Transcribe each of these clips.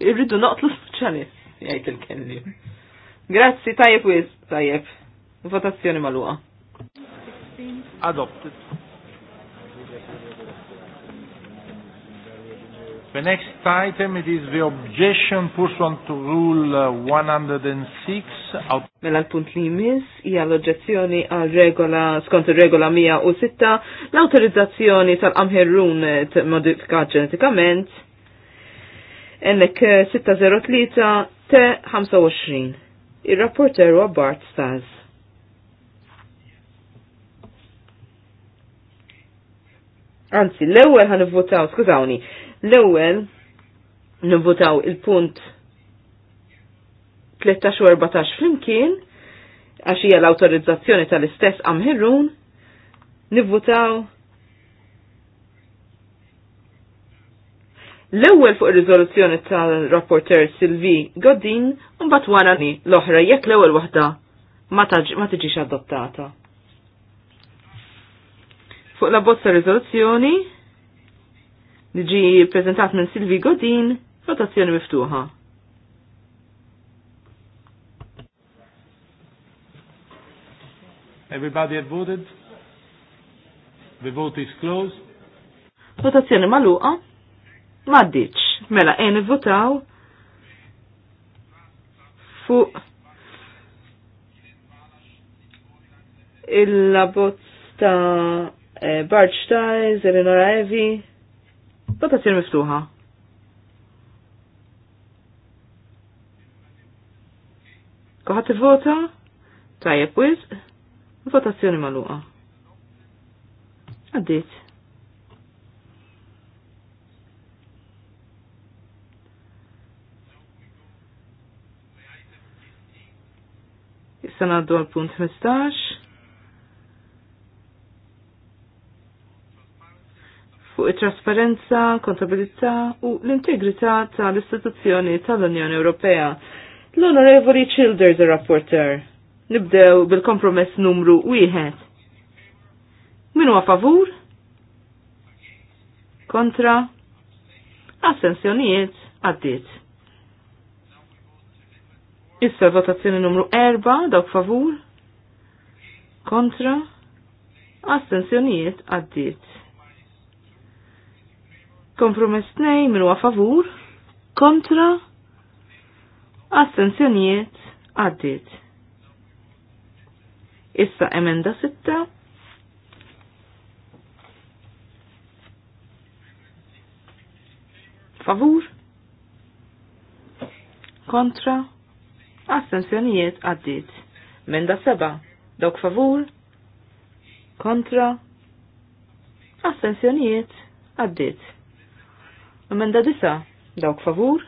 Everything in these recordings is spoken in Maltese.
irridu noqtlu soċjalist, jgħid il-kelli. Grazzi, tajjeb wiz, tajjeb. Votazzjoni maluqa. Adopted. The next item it is the objection pursuant to rule 106 Mela l-punt li jmiss hija l-oġġezzjoni għal regola skont ir-regola 106 l-awtorizzazzjoni tal-qamħerrun modifikat ġenetikament Ennek 603 eh, te 25. Il-rapporter wa Bart Staz. Anzi, l-ewwel għan votaw skużawni, l-ewwel nivvotaw il-punt 13 14 flimkien, għax hija l-awtorizzazzjoni tal-istess Amherun, nivvotaw L-ewwel fuq il riżoluzzjoni tal-rapporter Silvi Goddin mbagħad wara l-oħra jekk l-ewwel waħda ma tiġix adottata. Fuq la bozza riżoluzzjoni li prezentat minn Silvi Godin, votazzjoni miftuħa. Everybody had voted? The vote is closed. Votazzjoni maluqa maddiċ. Mela, en votaw fu il-labozz ta' eh, Bart Stiles, Eleonora Evi, votazzjoni miftuħa. Koħat vota tajja quiz, votazzjoni maluqa. Għaddit. Issa naddu għal punt 15. Fuq it-trasparenza, kontabilità u l-integrità tal-istituzzjoni tal-Unjoni Ewropea. L-Onorevoli Childers, the rapporteur Nibdew bil-kompromess numru 1. Minu a favur? Kontra? Assenzjonijiet? Għaddit. Issa votazzjoni numru 4, dawk favur, kontra, astensjonijiet għaddiet. Kompromess 2 minu favur, kontra, astensjonijiet għaddiet. Issa emenda 6, favur, kontra, Astensjonijiet għaddit. Menda seba. Dawk favur. Kontra. Astensjonijiet għaddit. Menda disa. Dawk favur.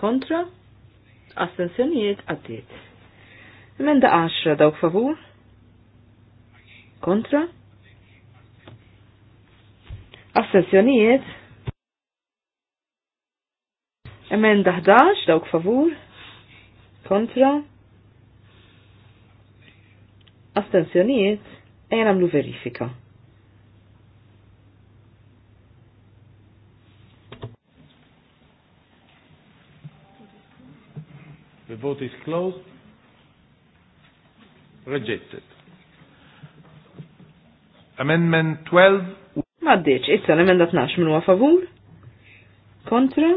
Kontra. Astensjonijiet għaddit. Menda għaxra, dawk favur. Kontra. Astensjonijiet Emenda 11, dawk favur kontra, astensjonijiet, ejja namlu verifika. The vote is closed. Rejected. Amendment 12. Maddiċ, issa l-emenda 12 minu għafavur. Kontra.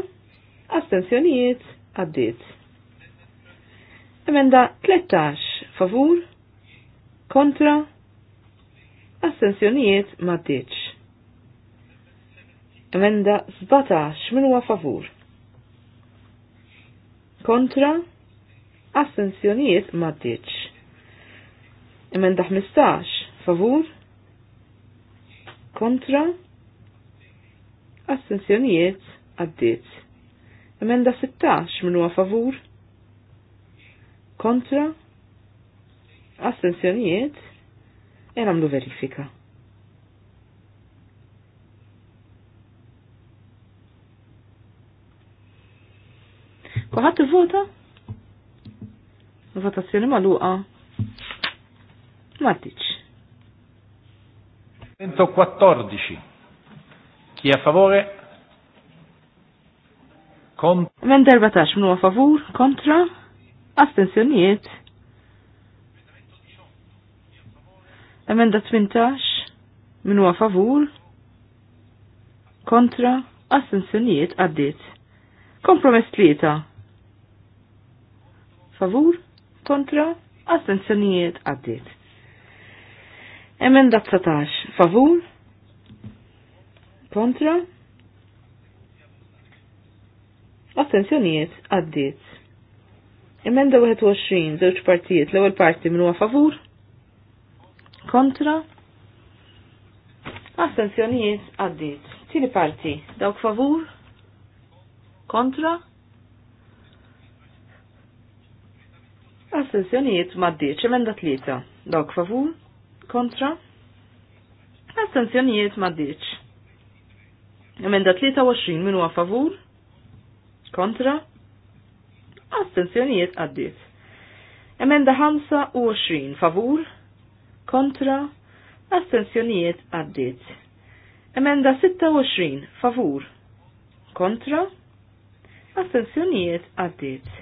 Astensjonijiet. Addiet. Emenda 13 favur kontra assenzjonijiet ma ditx. Emenda 17 min huwa favur kontra assenzjonijiet ma ditx. Emenda 15 favur kontra assenzjonijiet għaddit. Emenda 16 minn huwa favur kontra, astensjonijiet, e namlu verifika. Kuħat vota? Votazzjoni maluqa. Matiċ. 114. Chi a favore? Contro. Men 14 minu a favur, kontra? Astenzjonijiet. Emenda 18. Min huwa favur. Kontra. Astenzjonijiet għaddit. Kompromess tlieta. Favur. Kontra. Astenzjonijiet għaddit. Emenda 19. Favur. Kontra. Astenzjonijiet għaddiet. Emenda 21, żewġ partijiet, l-ewwel parti minn huwa favur, kontra, astenzjonijiet għaddiet. Tieni parti, dawk favur, kontra, astenzjonijiet maddiċ. Emenda tlieta, dawk favur, kontra, astenzjonijiet maddiċ. Emenda 23 minn huwa favur, kontra, astenzjonijiet għaddit. Emenda 25 favur, kontra, astenzjonijiet għaddit. Emenda 26 favur, kontra, astenzjonijiet għaddit.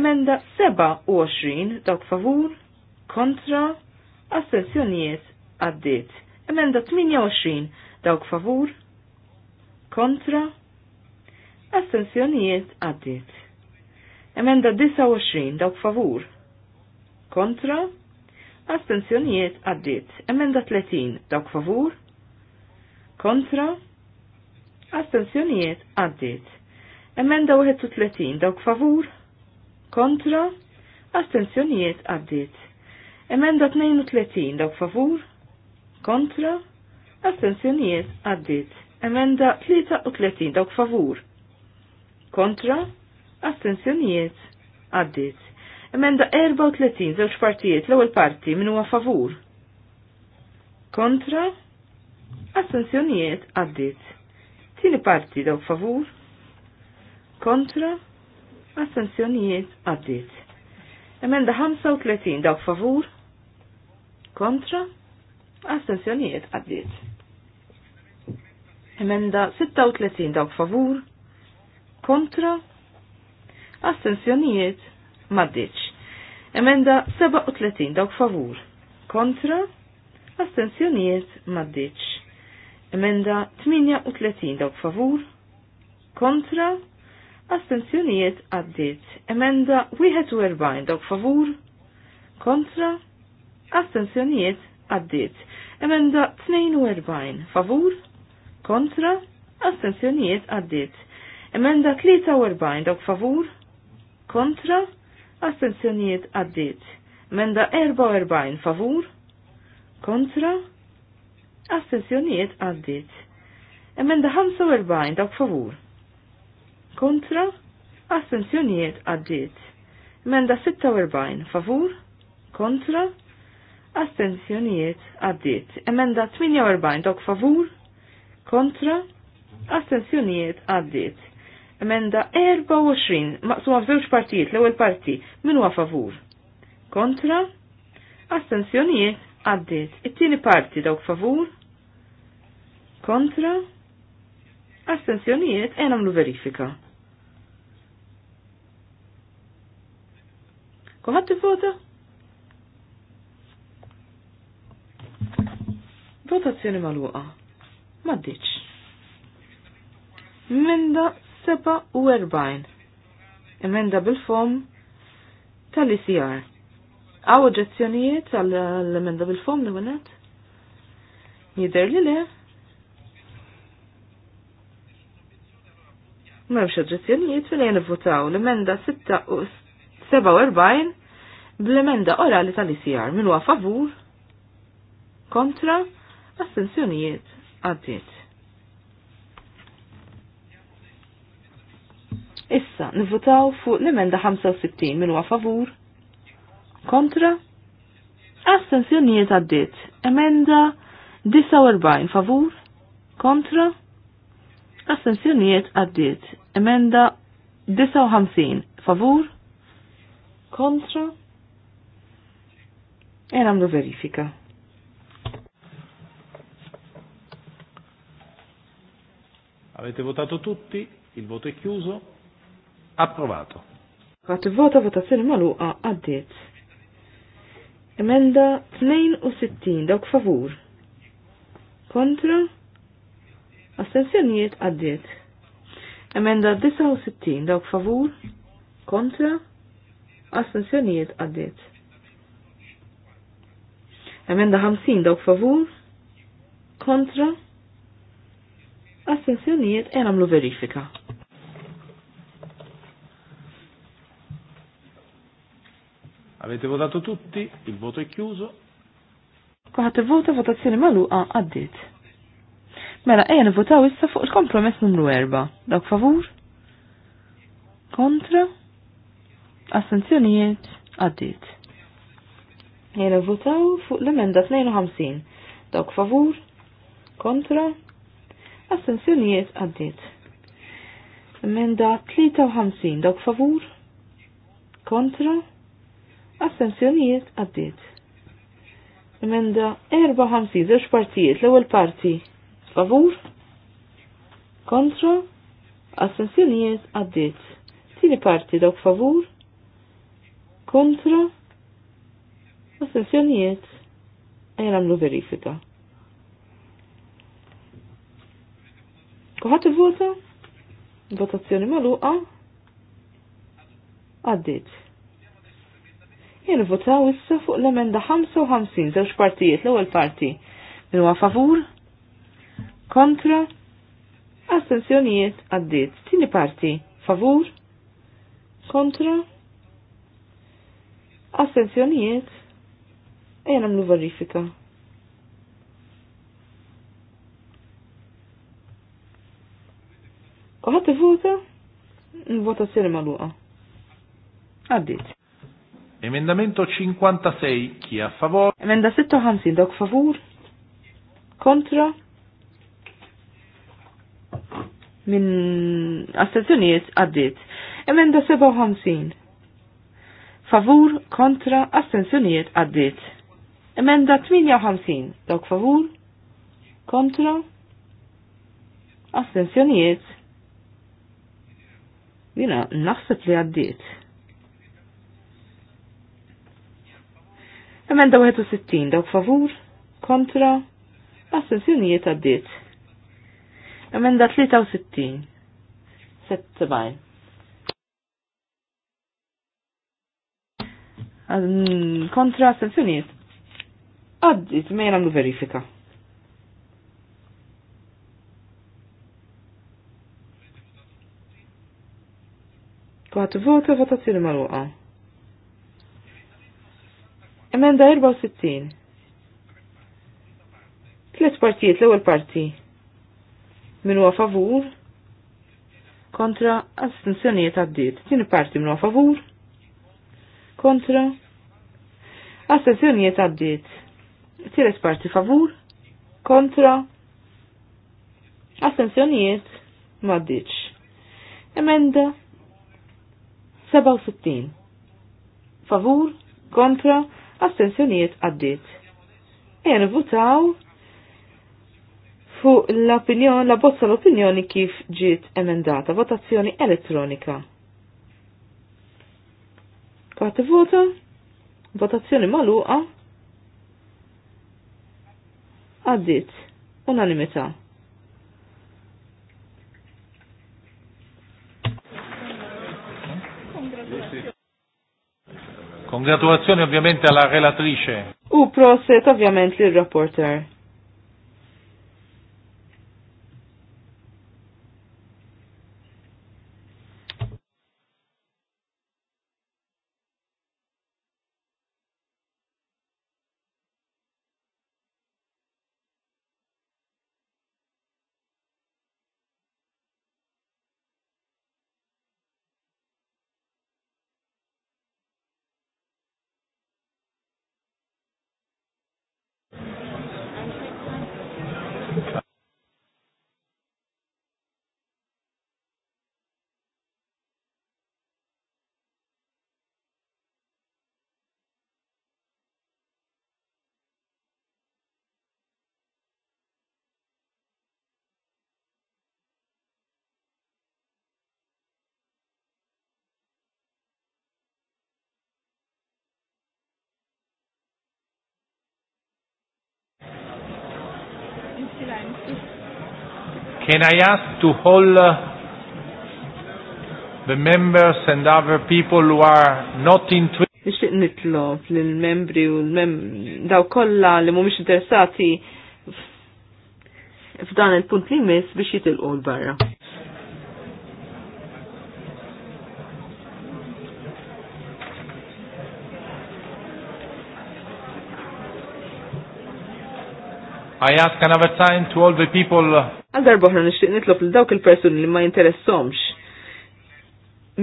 Emenda 27 dawk favur, kontra, astenzjonijiet għaddit. Emenda 28 dawk favur, kontra, astenzjonijiet għaddit Emenda 29 dawk favur. Kontra? Astenzjonijiet għaddit. Emenda 30 dawk favur. Kontra? Astenzjonijiet għaddit. Emenda 31 dawk favur. Kontra? Astenzjonijiet għaddit. Emenda 32 dawk favur. Kontra? Astenzjonijiet għaddit. Emenda 33 dawk favur. Kontra? Astenzjonijiet? Għaddit. Emenda 34, żewġ partijiet, l-ewwel parti min huwa favur. Kontra? Astenzjonijiet? Għaddit. Tini parti daw favur? Kontra? Astenzjonijiet? Għaddit. Emenda 35, dawk favur? Kontra? Astenzjonijiet? Għaddit. Emenda 36, dawk favur? Kontra? astensjonijiet maddiċ. Emenda 37 dawk favur, kontra, astensjonijiet maddiċ. Emenda 38 dawk favur, kontra, astensjonijiet Addiċ. Emenda 41 dawk favur, kontra, astensjonijiet Addiċ. Emenda 42 favur, kontra, astensjonijiet Addiċ. Emenda 43 dawk favur, kontra, astenzjonijiet għaddit. Menda 44 favur, kontra, astenzjonijiet għaddit. Emenda 45 dak favur, kontra, astenzjonijiet għaddit. Emenda 46 favur, kontra, astenzjonijiet għaddit. Emenda 48 dak favur, kontra, astenzjonijiet għaddit. Emenda 24 maqsuma f'żewġ partijiet l-ewwel parti min huwa favur. Kontra? Astensjonijiet għaddiet. It-tieni parti dawk favur? Kontra? Astensjonijiet e nagħmlu verifika. Kuħat tivvota? Votazzjoni magħluqa. M'għaddiċ. Minda u erbajn. Emenda bil-fom tal-ICR. Għaw oġezzjonijiet għall-emenda bil-fom li għunet? Jider li le? Mewx oġezzjonijiet fil jen votaw l-emenda 47 bl-emenda orali tal-ICR. Minu għafavur? Kontra? Astenzjonijiet? Għaddit. Issa, nivvutaw fuq l-emenda 65 minn huwa favur. Kontra? Astensjonijiet għaddit. Emenda 49 favur. Kontra? Astensjonijiet għaddit. Emenda 59 favur. Kontra? E namlu verifika. Avete votato tutti? Il voto è chiuso. Approvato. Għat vota votazzjoni maluqa għaddiet. Emenda 62 dawk favur. Kontra? Astenzjoniet għaddiet. Emenda 69 dawk favur. Kontra? Astenzjoniet għaddiet. Emenda 50 dawk favur. Kontra? Astenzjonijiet għamlu verifika. Avete votato tutti? Il voto è chiuso. Kuħat il votazione votazzjoni maluqa addit. Mela, ejja nivvotaw issa fuq il-kompromess numru erba'. Dawk favur? Kontra? assenzjonijiet Għaddit. Ejja nivvotaw fuq l-emenda 52. Dawk favur? Kontra? assenzjonijiet Għaddit. Emenda 53. Dawk favur? Kontra? Astenzjonijiet għaddit. Emenda 54, zewġ partijiet, l-ewwel parti favur, kontra, astenzjonijiet għaddit. Tieni parti dawk favur, kontra, astenzjonijiet għajn għamlu verifika. Kuħat il-vota? Votazzjoni maluqa? Għaddit. Jinvotaw issa fuq l-emenda 55 żewġ partijiet l-ewwel parti. Min huwa favur? Kontra? Astenzjonijiet għaddiet. Tieni parti. Favur? Kontra? Astenzjonijiet? Ejja nagħmlu verifika. U ħadd ivota? Votazzjoni magħluqa. Għaddit. Emendamento 56, chi a favore? Emendamento 56, doc favur? Contra? Min astenzjoniet għaddit. Emenda 57. Favur, kontra, astenzjoniet għaddit. Emenda 58, dok favur? Kontra? Astenzjoniet? Dina, naħseb li addit. Emenda 61 dawk favur, kontra, assenzjonijiet għaddit. Emenda 63. Settebaj. Mm, kontra assenzjonijiet. Għaddit, ma jgħamlu verifika. Kwaħt vota votazzjoni marruqa. Emenda 64. Tlet partijiet l-ewwel parti. Min huwa favur kontra astensjonijiet għaddiet. Tieni parti min huwa favur kontra astensjonijiet għaddiet. Tielet parti favur kontra astensjonijiet m'għaddietx. Emenda 67. Favur kontra astensjonijiet għaddit. Ejja votaw fuq l-opinjoni, la bozza l-opinjoni kif ġiet emendata, votazzjoni elettronika. Kati vota, votazzjoni maluqa, għaddit, unanimità. Congratulazioni ovviamente alla relatrice. U proset ovviamente il reporter. Can I ask to all uh, the members and other people who are not in Nixtieq nitlob membri u daw li interessati f'dan il-punt li biex jitilqu l-barra. I ask another time to all the people uh, Għal darbohra nixtieq nitlob li dawk il-persuni li ma jinteressomx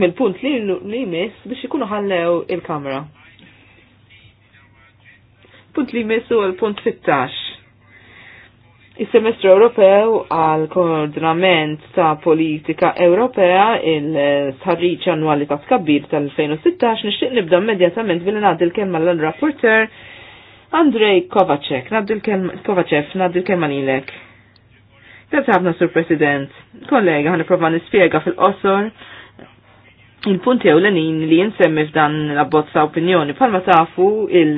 mill-punt li li jmiss biex ikunu ħallew il-kamra. Punt li jmiss u l-punt 16. Is-semestru Ewropew għal koordinament ta' politika Ewropea il-sħarriċ annwali ta' tkabbir tal-2016 nixtieq nibda immedjatament billi ngħaddi il-kemma l-rapporter Andrej Kovacek, naddi l ilek. lilek. Grazie ħafna, Sur President. Kollega, għan prova nispiega fil-qosor il-punti ewlenin li jinsemmi f'dan l-abbozza opinjoni. Palma tafu il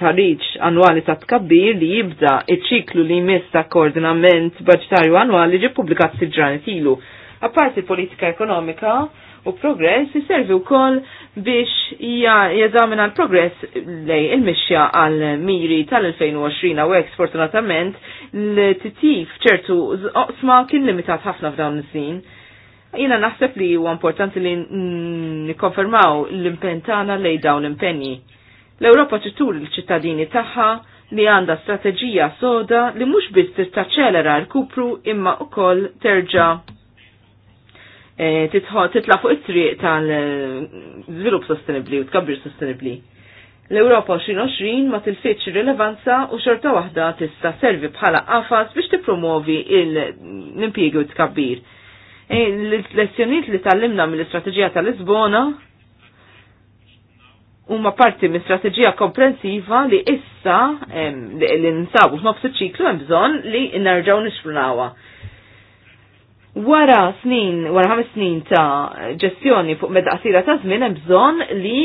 sarriċ annwali ta' tkabbir li jibda il-ċiklu li jmiss ta' koordinament budgetarju annwali ġi publikat fil-ġranet ilu. Apparti politika ekonomika, u progress jiservi wkoll biex jeżamina l-progress lej il-mixja għal miri tal-2020 u għek sfortunatament l-titif ċertu oqsma kien limitat ħafna f'dawn iż-żin. Jiena naħseb li huwa importanti li nikkonfermaw l-impentana lej dawn l-impenji. L-Ewropa titur l ċittadini tagħha li għanda strateġija soda li mhux biss tistaċċelera l-kupru imma ukoll terġa' Eh, titla fuq it-triq tal-żvilupp sostenibli u tkabbir sostenibli. L-Europa 2020 ma tilfitx rilevanza u xorta waħda tista' servi bħala qafas biex tippromovi l-impjiegi u tkabbir. Eh, l-lezzjonijiet li tallimna mill-istrateġija tal-Lisbona huma parti minn strateġija komprensiva li issa li nsabu f'nofs iċ-ċiklu hemm bżonn li nerġgħu nixfrunawha wara snin, wara ħames snin ta' ġestjoni fuq meta qasira ta' żmien hemm bżonn li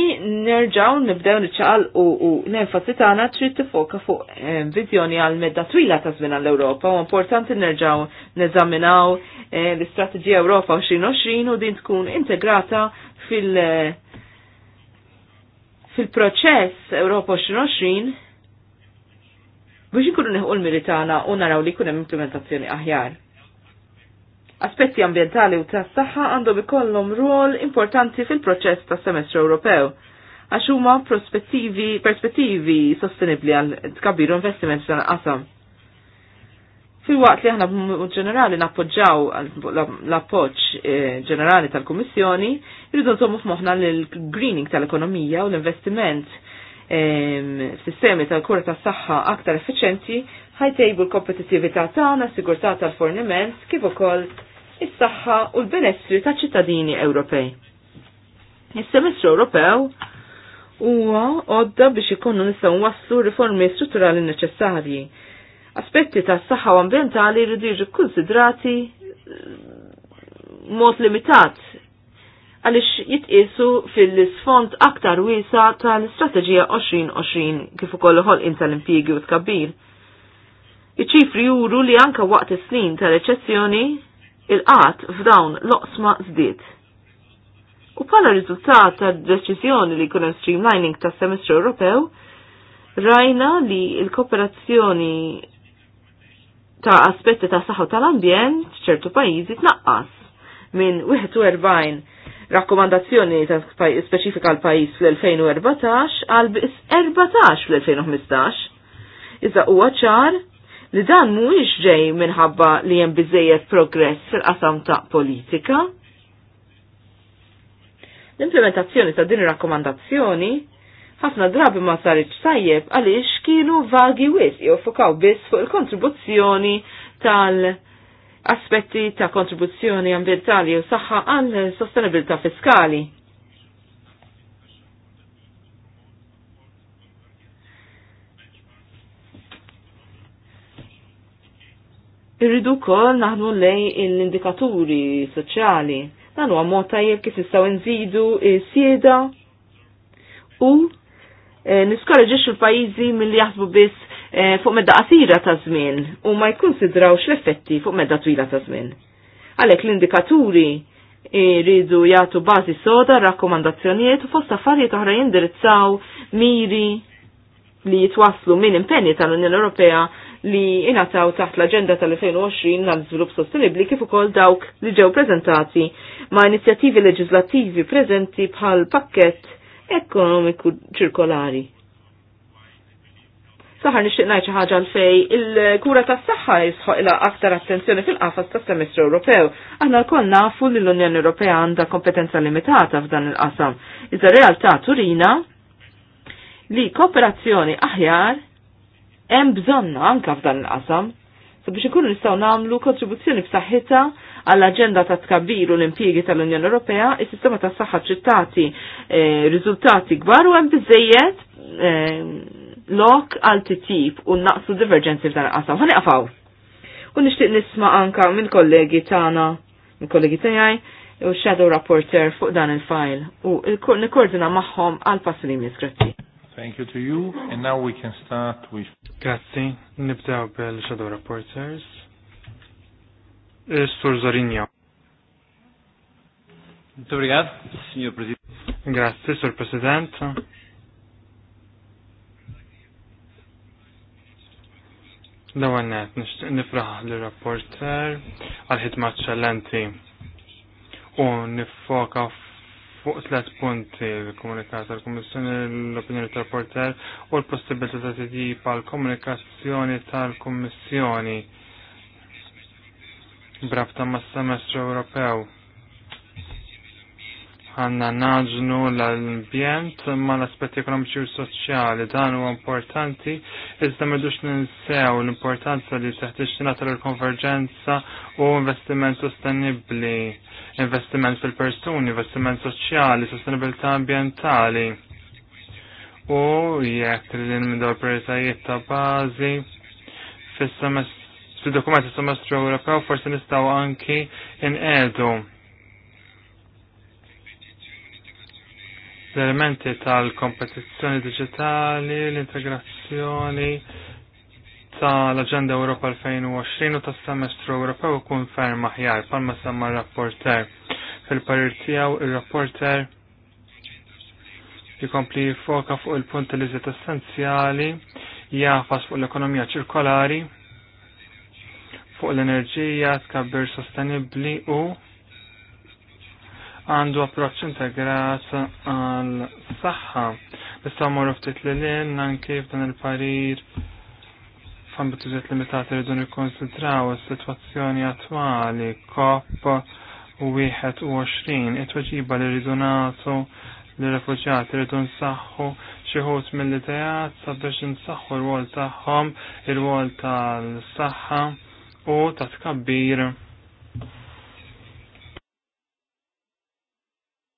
nerġgħu nibdew niċċaqal u, u l-enfasi tagħna trid tifoka fuq viżjoni għal medda twila ta' żmien għall-Ewropa u importanti nerġgħu neżaminaw eh, l-Istrateġija Ewropa 2020 u din tkun integrata fil- eh, fil-proċess Ewropa 2020 biex ikunu neħu l militana u naraw li kunem implementazzjoni aħjar Aspetti ambientali u tas saħħa għandhom ikollhom rol importanti fil-proċess tas semestru Ewropew għax huma prospettivi perspettivi sostenibbli għal tkabiru investiment tal-qasam. Fil-waqt li aħna ġenerali nappoġġaw l-appoġġ eh, ġenerali tal-Kummissjoni, irridu nżommu f'moħħna l-greening tal-ekonomija u l-investiment ehm, sistemi tal-kura tas saħħa aktar effiċenti ħajtejbu l-kompetitività tagħna, sigurtà tal-forniment, kif ukoll is-saħħa u l-benessri ta' ċittadini Ewropej. Is-semestru Ewropew huwa għodda biex ikunu nistgħu waslu riformi strutturali neċessarji. Aspetti ta' s-saħħa u ambientali jridu jiġu kkunsidrati mm, mod limitat għaliex jitqisu fil-sfond aktar wiesa tal-Istrateġija 2020 kif ukoll ħolqien tal-impjiegi u tkabbir. Iċ-ċifri juru li anka waqt is-snin tal-eċezzjoni il-qat f'dawn loqsma żdied. U bħala riżultat ta' deċiżjoni li kunem streamlining ta' semestru Ewropew, rajna li il-kooperazzjoni ta' aspetti ta' saħħu tal-ambjent ċertu pajjiżi tnaqqas minn 41 rakkomandazzjoni ta' speċifika l pajjiż fl-2014 għal bis 14 fl-2015. Iżda huwa ċar li dan mhuwiex ġej minħabba li hemm biżejjed progress fil-qasam ta' politika. L-implementazzjoni ta' din ir-rakkomandazzjoni ħafna drabi ma saritx tajjeb għaliex kienu vagi wis joffokaw biss fuq il-kontribuzzjoni tal- aspetti ta' kontribuzzjoni ambientali u saħħa għal sostenibilità fiskali. Irridu wkoll naħdmu lej l-indikaturi soċjali. Dan huwa mod tajjeb kif nistgħu nżidu sieda u eh, niskoreġix il-pajjiżi milli jaħsbu biss eh, fuq medda qasira ta' żmien u ma jikkunsidrawx l-effetti fuq medda twila ta' żmien. Għalhekk l-indikaturi jridu jagħtu bażi soda, rakkomandazzjonijiet u fost affarijiet oħra jindirizzaw miri li jitwaslu minn impenni tal-Unjoni Ewropea li inataw taħt l-Aġenda tal-2020 għal żvilupp sostenibbli kif ukoll dawk li ġew preżentati ma' inizjattivi leġislattivi preżenti bħal pakkett ekonomiku ċirkolari. Saħar nixtieq ngħid xi ħaġa fej il-kura tas-saħħa jisħoq ilha aktar attenzjoni fil-qafas tas-semestru Ewropew. Aħna lkoll nafu li l-Unjoni Ewropea għandha kompetenza limitata f'dan il-qasam. Iżda realtà turina li kooperazzjoni aħjar hemm bżonna anka f'dan il-qasam sabiex ikunu nistgħu nagħmlu kontribuzzjoni b'saħħitha għall-aġenda ta' tkabbir u l-impjiegi tal-Unjoni Ewropea, is-sistema tas saħħa ċittati eh, riżultati kbar u hemm biżejjed eh, lok għal titjib u naqsu divergenzi f'dan il-qasam. Ħani qafaw. U nixtieq nisma' anka minn kollegi tagħna, minn kollegi tiegħi, u shadow rapporter fuq dan il-file u nikkoordina magħhom għal passi li Thank you to you. And now we can start with... Grazie. Nibdaw bel shadow Reporters. Sur Zorinio. Muito obrigado, Sr. Presidente. Grazie, Sr. Presidente. Dawannet, nifraħ l-rapporter għal-ħidma ċellenti u nifoka fuq tlet punti l-komunikat tal-Kommissjoni l-opinjoni tal-porter u l-possibilità ta' titjib l komunikazzjoni tal-Kommissjoni brabta ma' semestru Ewropew ħanna naġnu l-ambjent ma l-aspetti ekonomiċi u soċjali dan huwa importanti iżda medux ninsew l-importanza li teħtieġ tingħata l-konverġenza u investiment sostenibbli, investiment fil-persuni, investiment soċjali, sostenibilità ambjentali. U jekk li l prezajiet ta' bażi fil-dokument semestru Ewropew forsi nistgħu anki in-edu. l-elementi tal-kompetizzjoni digitali, l-integrazzjoni tal-Aġenda Europa 2020 u tas-Semestru Ewropew ikun ferm aħjar palma semma r-rapporter. Fil-parir tiegħu ir-rapporter jikompli jifoka fuq il-punti li żiet essenzjali jafas fuq l-ekonomija ċirkolari, fuq l-enerġija tkabbir sostenibbli u għandu approċċ integrat għal saħħa. Nistgħu morru ftit li lin anke f'dan il-parir bittużiet limitati rridu nikkonsidraw is-sitwazzjoni attwali COP u wieħed u għoxrin it-tweġiba li rridu nagħtu li refuġjati rridu nsaħħu xi ħut mill-idejat sabiex nsaħħu r-wol tagħhom, ir-wol tal-saħħa u ta' tkabbir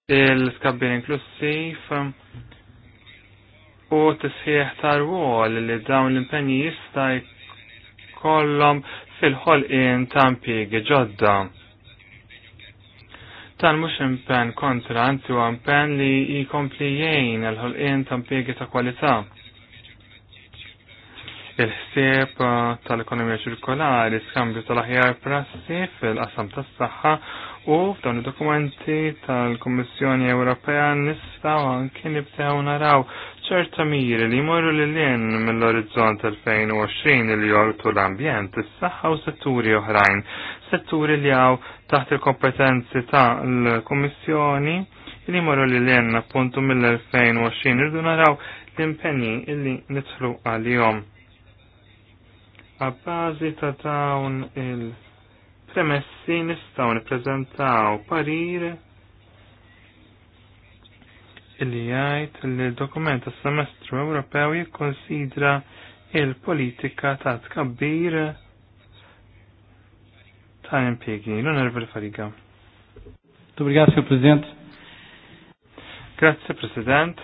il skabbin inklusiv um, u t sħieħ tar li dawn l-impenji jistaj kollom fil-ħolqin tampigi ġodda. Tan mux impen kontra, anzi u impen li jikompli jgħin l-ħolqin tampigi ta' kwalità. Il-ħsieb uh, tal-ekonomija ċirkolari, skambju tal-aħjar prassi fil-qasam tas-saħħa U f'dawn id-dokumenti tal-Kommissjoni Ewropea nistgħu anke nibdew naraw ċerta miri li jmorru lil lien mill-orizzont 2020 li jortu l-ambjent, is-saħħa u setturi oħrajn, setturi li għaw taħt il-kompetenzi ta' l-Kommissjoni li jmorru lil lien appuntu mill-2020 irdu naraw l impenni illi nitħlu għal-jom. bazi ta' dawn il- premessi nistaw nipprezentaw parir li jgħid li l-dokument tas semestru Ewropew jikkonsidra il-politika ta' tkabbir ta' impjegi. l l Fariga. Grazie, Sr. Presidente. Grazie, President.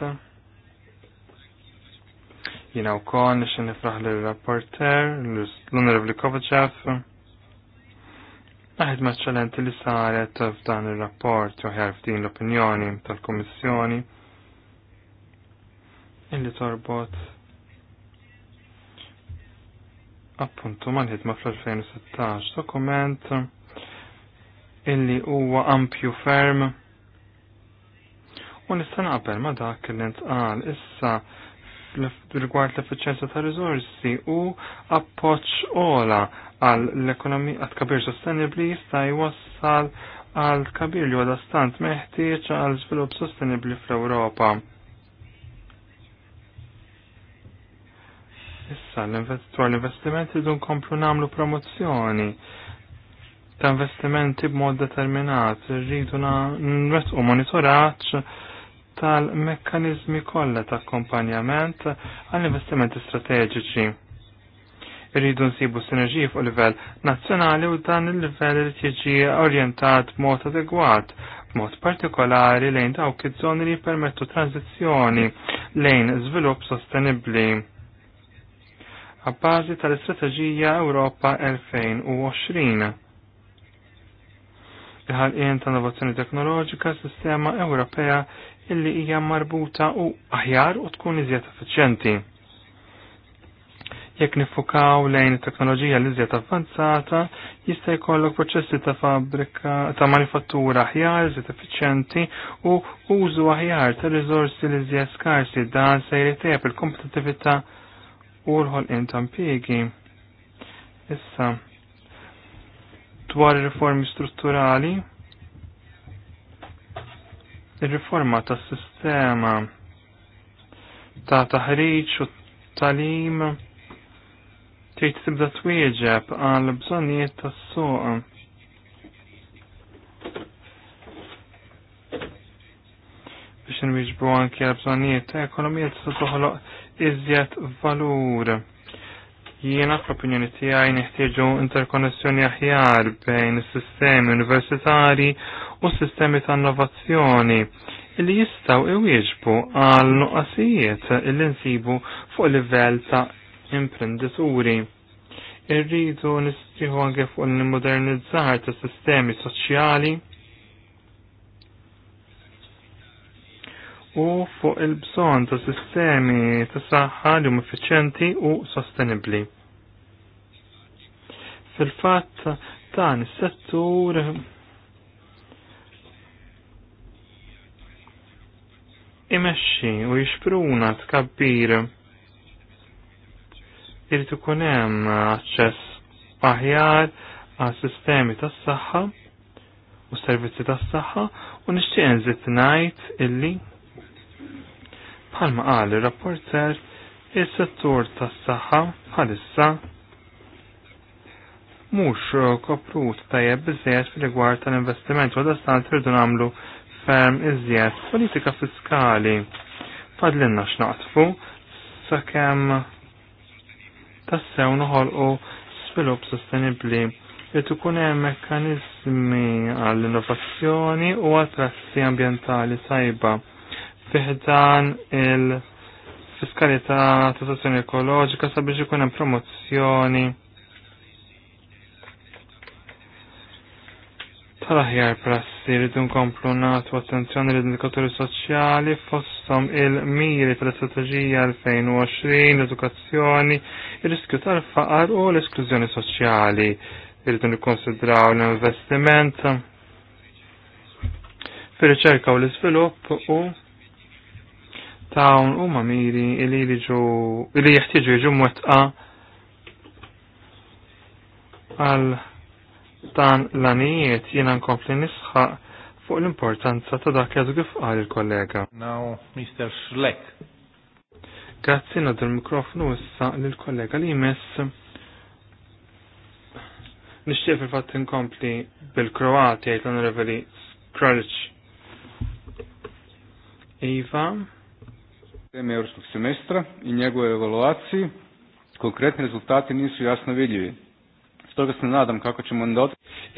Jina u kon nixen nifraħ l-rapporter, l l Kovacev Naħidma ċċellenti li saret f'dan il-rapport joħjar f'din l-opinjoni tal-Komissjoni illi torbot appuntu mal-ħidma fl-2016 dokument illi huwa ampju ferm u nista' naqbel ma dak li ntqal issa rigward l-effiċenza ta' riżorsi u appoġġ ola għal l-ekonomi għat kabir sostenibli jista' jwassal għal kabir li għada stant meħtieġ għal żvilupp sostenibli fl-Ewropa. Issa l-investitur l-investimenti dun komplu namlu promozzjoni ta' investimenti b'mod determinat, rridu u monitoraċ tal-mekkanizmi kollha ta' kompanjament għall-investimenti strateġiċi. Irridu nsibu sinerġiji fuq livell nazzjonali u dan il-livell irid jiġi orjentat mod adegwat, b'mod partikolari lejn dawk iż-żoni li jippermettu tranzizzjoni lejn żvilupp sostenibbli. bażi tal-Istrateġija Ewropa 2020 il-ħalqien ta' innovazzjoni teknoloġika sistema Ewropea illi hija marbuta u aħjar u tkun iżjed effiċjenti jekk nifukaw lejn it-teknoloġija li żjed avvanzata, jista' jkollok proċessi ta' fabrika ta' manifattura aħjar, żiet effiċjenti u użu aħjar ta' riżorsi li żjed skarsi dan se jritejb il-kompetittività u l-ħolqien ta' impjiegi. Issa, dwar riformi strutturali, ir-riforma tas-sistema ta' taħriġ u talim trid tibda twieġeb għal bżonnijiet tas-suq. biex nwieġbu anke għal bżonnijiet ta' ekonomija tista' toħloq iżjed valur. Jiena fl-opinjoni tiegħi nieħtieġu interkonnessjoni aħjar bejn is-sistemi universitari u s-sistemi ta' innovazzjoni li jistaw iwieġbu għal nuqqasijiet li nsibu fuq livell ta' imprendituri. Irridu nistiħu anke fuq il-modernizzar ta' sistemi soċjali u fuq il-bżon ta' sistemi ta' saħħa li effiċjenti u sostenibli. Fil-fatt dan is-settur imexxi u jixpruna tkabbir irrid ikun hemm aċċess aħjar għas sistemi tas-saħħa u servizzi tas-saħħa u nixtieq nżid ngħid illi bħalma qal ir-rapporter is-settur tas-saħħa bħalissa mhux koprut tajjeb biżejjed fil-rigward tal-investiment u dastant irdu nagħmlu ferm iżjed politika fiskali fadlinna x'naqtfu sakemm tassew nħolqu svilupp sostenibbli li tkun hemm mekkaniżmi għall-innovazzjoni u għat-trassi ambjentali sajba fiħdan il-fiskalità tassazzjoni ekoloġika sabiex ikun hemm promozzjoni Tal-aħjar prassi rridu nkomplu natu attenzjoni l-indikaturi soċjali fossom il-miri tal-istrateġija 2020, l-edukazzjoni, il-riskju tal-faqar u l-esklużjoni soċjali. dun nikkonsidraw l-investiment fir-riċerka u l-iżvilupp u tawn huma miri li li jeħtieġu jiġu mwettqa għal dan l-anijiet jiena nkompli nisħa fuq l-importanza ta' dak jadu kif qal il-kollega. Now, Mr. Schleck. Grazzi nadu l-mikrofonu issa l-kollega li jmiss. Nixtieq fil-fatt inkompli bil-Kroati jgħid l-Onorevoli Skralic. Iva. Teme Europskog semestra i njegove evaluaciji konkretni rezultati nisu jasno vidljivi Storga s-nadam kako ċimundot.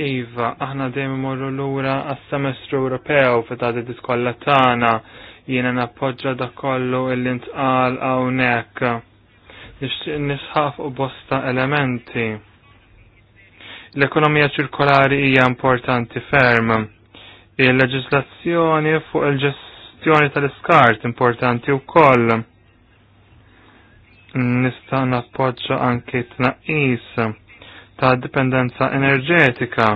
Iva, aħna dejjem morru l-ura għas-semestru Ewropew fetadi diskolla tagħna jiena nappoġġa da kollu l-intqal hawnhekk. Nisħaf u bosta elementi. L-ekonomija ċirkolari hija importanti ferm. Il-leġislazzjoni fuq il-ġestjoni tal-iskart importanti wkoll. Nista' nappoġġa anke tnaqqis ta' dipendenza enerġetika.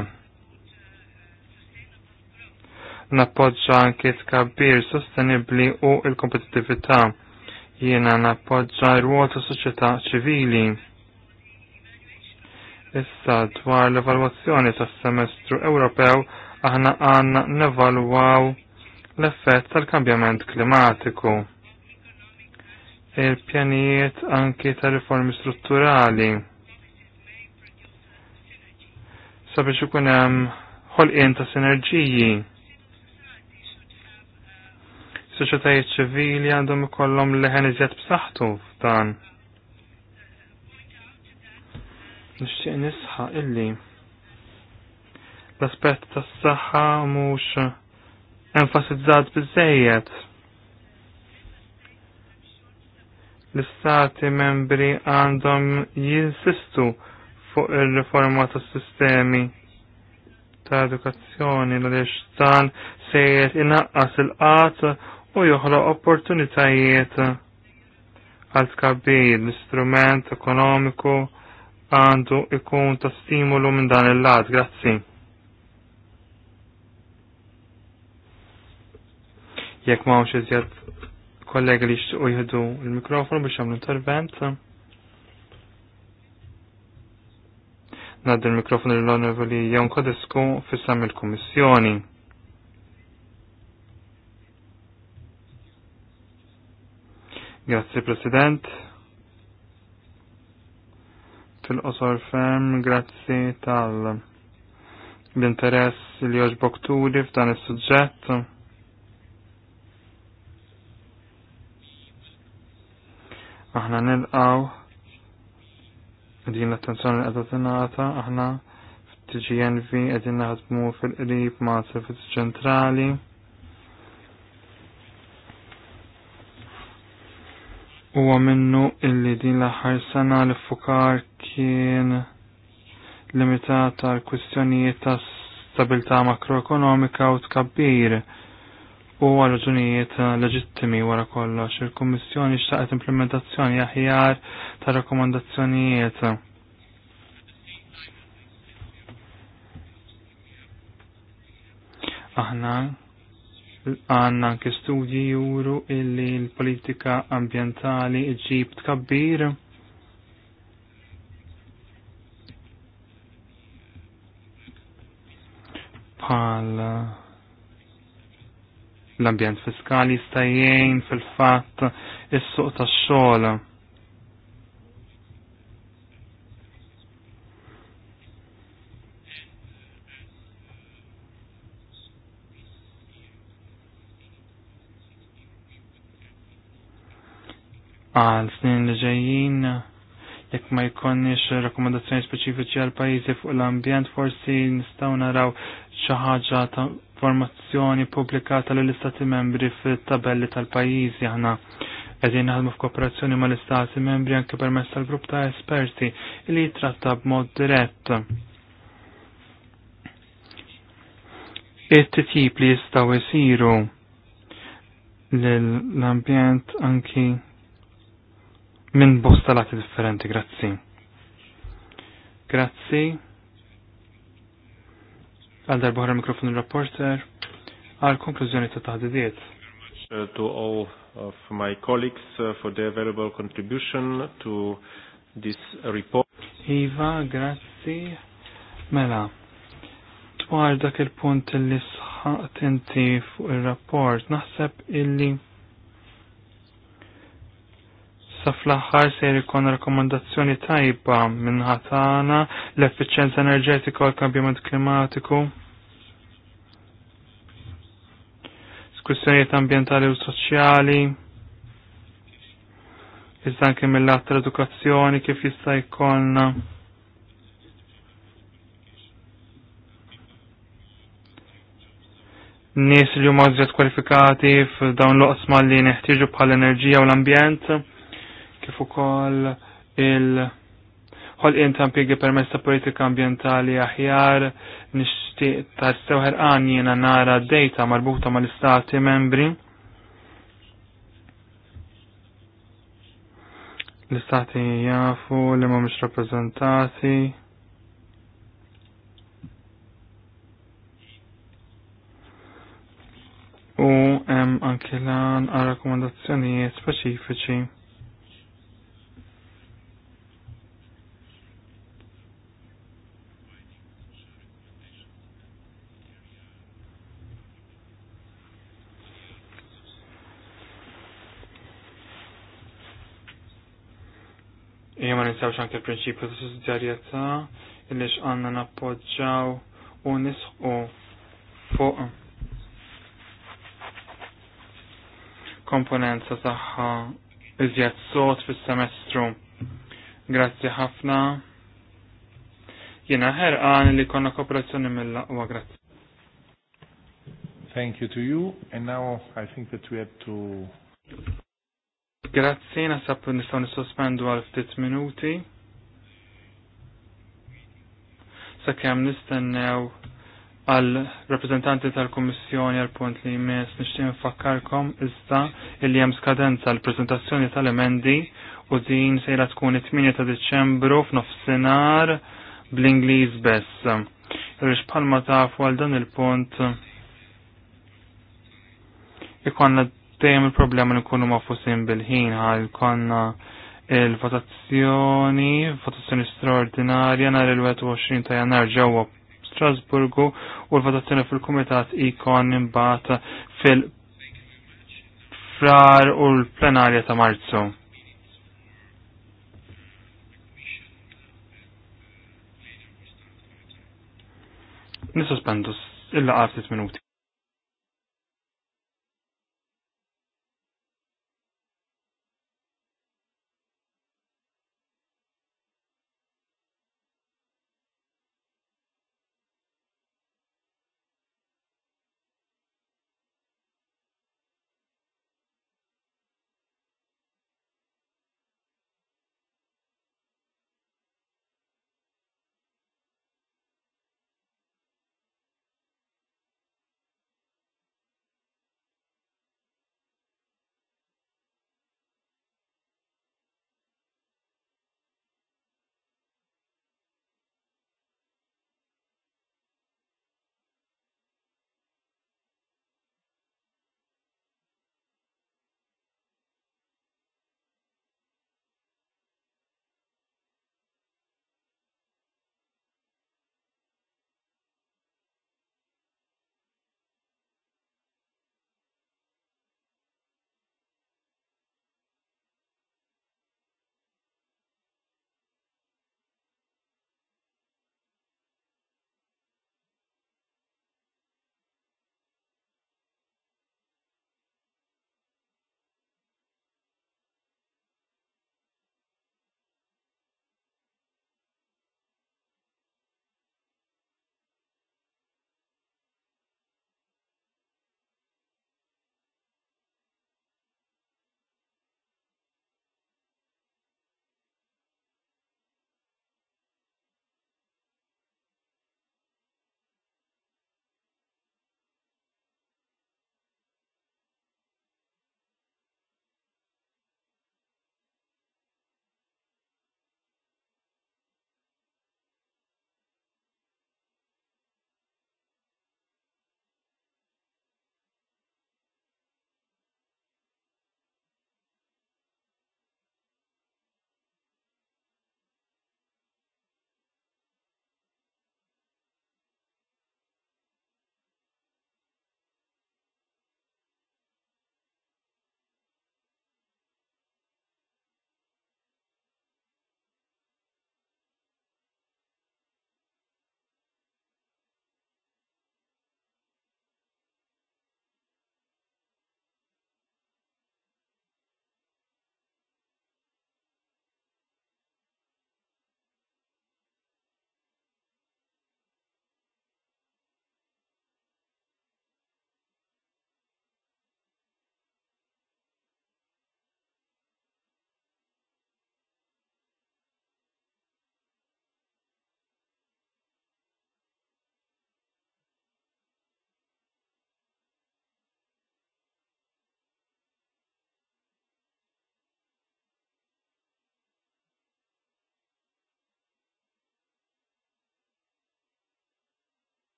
Nappoġġa anke tkabbir sostenibbli u l-kompetittività. Jiena nappoġġa r-ruol ta' soċjetà ċivili. Issa dwar l-evalwazzjoni tas-semestru Ewropew aħna għanna nevalwaw l-effett tal-kambjament klimatiku. Il-pjanijiet anki tal riformi strutturali sabiex ikun hemm ħolqien ta' sinerġiji. Soċjetajiet ċivili għandhom ikollhom leħen iżjed b'saħħtu f'dan. Nixtieq nisħa illi l-aspett tas-saħħa mhux enfasizzat biżejjed. L-istati membri għandhom jinsistu fuq il-riforma tas sistemi ta' edukazzjoni għaliex dan sejjet inaqqas il-qat u joħloq opportunitajiet għal tkabbir l-istrument ekonomiku għandu ikun ta' stimulu minn dan il-lat. Grazzi. Jekk ma' iżjed kollegi li jixtiqu jihdu il-mikrofonu biex għamlu intervent. Nad il-mikrofon l-onorevoli Jan Kodesku fissam il kummissjoni Grazie President. Fil-qosor ferm, grazzi tal l-interess li joġbok turi f'dan is-suġġett. Aħna nilqaw din l-attenzjoni li għadha tingħata aħna TGNV għedin naħdmu fil-qrib ma' servizz ċentrali. U minnu illi din l-aħħar sena l fukar kien limitata għal kwistjonijiet ta' stabilta makroekonomika u tkabbir u għal-raġunijiet leġittimi wara kollox. Il-Kommissjoni xtaqet implementazzjoni aħjar ta' rakkomandazzjonijiet. Aħna għanna anke studji juru illi l-politika ambientali ġib tkabbir. Pal l-ambjent fiskali stajjejn fil-fatt is-suq tax xol. Għal snin li ġejjin jekk ma jkonniex rakkomandazzjoni speċifiċi għal pajjiżi fuq l-ambjent forsi nistgħu naraw xi ħaġa ta' informazzjoni pubblikata lill istati membri fit-tabelli tal-pajjiżi aħna qegħdin naħdmu f'kooperazzjoni mal-istati membri anke permezz tal-grupp ta' esperti li jitratta b'mod dirett. It-titjib li jistaw jisiru l-ambjent anki minn bostalati differenti, grazzi. Grazzi għal darba mikrofonu rapporter għal konklużjoni ta' taħdidiet. Uh, to all of my colleagues uh, for their valuable contribution to this report. Iva, grazzi. Mela, dwar dak il-punt li sħaqt inti fuq il-rapport, naħseb illi sa fl-aħħar se jkun rakkomandazzjoni tajba minn ħatana l-effiċenza enerġetika u l-kambjament klimatiku kwistjonijiet ambientali u soċjali, iżda anke mill-lat tal-edukazzjoni kif jista' jkollna. nies li huma ġed kwalifikati f'dawn l-oqsma li neħtieġu bħal enerġija u l-ambjent, kif ukoll il- ħolqien ta' impjiegi permezz ta' politika ambjentali aħjar nixtieq ta' sewħer jiena nara d-dejta marbuta mal-istati membri. L-istati jafu li mhumiex rappresentati. u hemm anke lan għal rakkomandazzjonijiet speċifiċi. Ija ma ninsawx anke l-prinċipju ta' sussidjarjetà illi x'għandna nappoġġaw u nisħu fuq komponenza tagħha iżjed sod fis-semestru. Grazzi ħafna. Jiena ħerqan li konna kooperazzjoni mill-aqwa grazzi. Thank you to you and now I think that we have to Grazzi, nasab nistaw nisospendu għal ftit minuti. Sakjem nistennew għal rappresentanti tal-Kommissjoni għal punt li jmiss nixtieq izda il-li hemm skadenza l prezentazzjoni tal-emendi u din sejra tkun it-8 ta' Diċembru f'nofsinhar bl-Ingliż bess. palma bħalma fu għal dan il-punt ikonna dejjem il-problema li nkunu mafusin bil-ħin għal konna il-votazzjoni, votazzjoni straordinarja nhar il-21 ta' jannar ġewwa Strasburgu u l-votazzjoni fil-Kumitat ikon imbagħad fil-frar u l-plenarja ta' Marzu. Nisospendu il-laqaf minuti.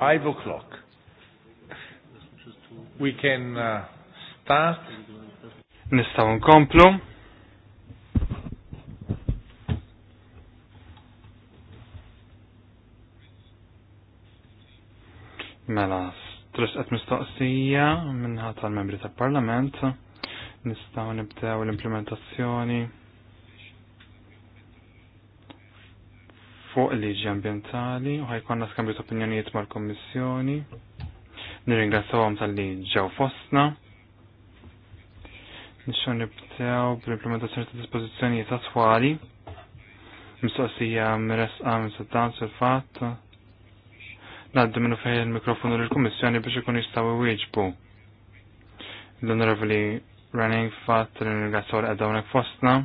five o'clock. We can uh, start. Nistaw nkomplu. Mela, trisqet mistoqsija minnħat tal-membri tal-parlament. Nistaw nibdew l-implementazzjoni fuq liġi ambientali u ħajkonna skambju ta' opinjonijiet mal-Kommissjoni. Nirringrazzawhom tal-li ġew fostna. Nixxu nibtew bl-implementazzjoni ta' dispożizzjonijiet twali. Mistoqsija mresqa mis-seddan sul-fatt. Naddu minnu fejn il-mikrofonu lill-Kummissjoni biex ikun jistgħu jwieġbu. L-Onorevoli Running fatt l-ringrazzaw l-għedawnek fostna.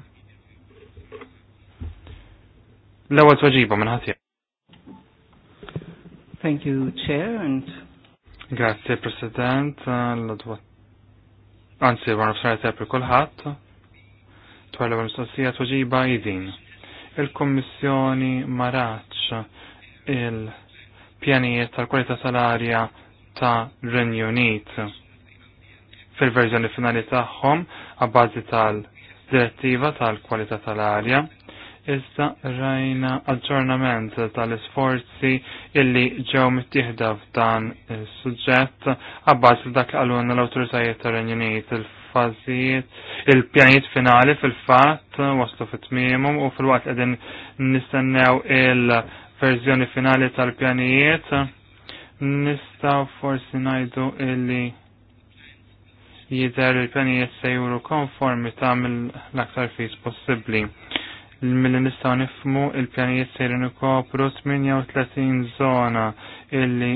L-ewwel tweġiba minn ħadd Thank you, Chair, and Grazie, President, l-adwa. Anzi, għan nafsar jtepri kolħat, twar l-għan mistoqsija tweġiba idin. Il-Kommissjoni maraċ il-pjanijiet tal-kwalità tal-arja ta' Renju Unit fil-verżjoni finali tagħhom għabbażi tal-direttiva tal-kwalità tal-arja Issa rajna aġġornament tal-isforzi illi ġew mittieħda f'dan is-suġġett għabbaż li dak għalunna l-awtoritajiet tar-Renju Unit il-fażijiet, il-pjanijiet finali fil-fatt waslu fit-tmiemhom u fil-waqt qegħdin nistennew il-verżjoni finali tal-pjanijiet nistgħu forsi ngħidu illi jidher il-pjanijiet se juru konformi ta' mill-aktar fis possibbli Minn nistgħu nifmu il-pjanijiet sejrin ikopru 38 zona illi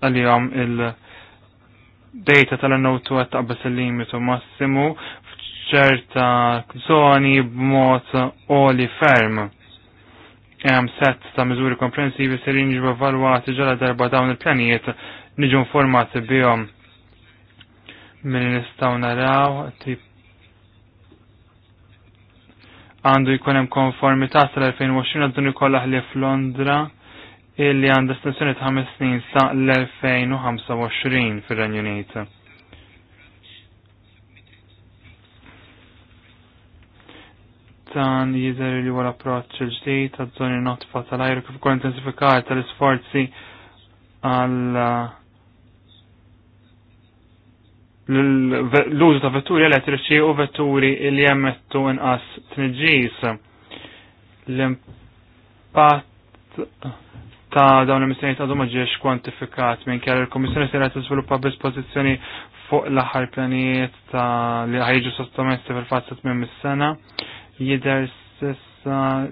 għalihom il-data tal-annotu għat taqbas il-limitu massimu f'ċerta zoni b'mod oli ferm hemm set ta' miżuri komprensivi ser jinġu evalwati ġala darba dawn il-pjanijiet niġu informati bihom minn nistgħu naraw tip għandu jkun hemm konformità sal-2020 għaddun jkollha ħlief Londra illi għandha estensjoni ta' ħames snin sa l-2025 fir-Renju Unit. Dan jidher li wara approċċ il-ġdid ta' żoni notfa tal-ajru kif ukoll intensifikar tal-isforzi għal l-użu ta' vetturi elettriċi u vetturi li jemmettu inqas tniġġis. L-impatt ta' dawn l-emissjoni ta' ma ġiex kwantifikat minn kjer il-Komissjoni se jgħet tiżviluppa biss pożizzjoni fuq l-aħħar planijiet ta' li ħajġu sottomessi fil fazzat ta' tmiem is-sena. Jidher sissa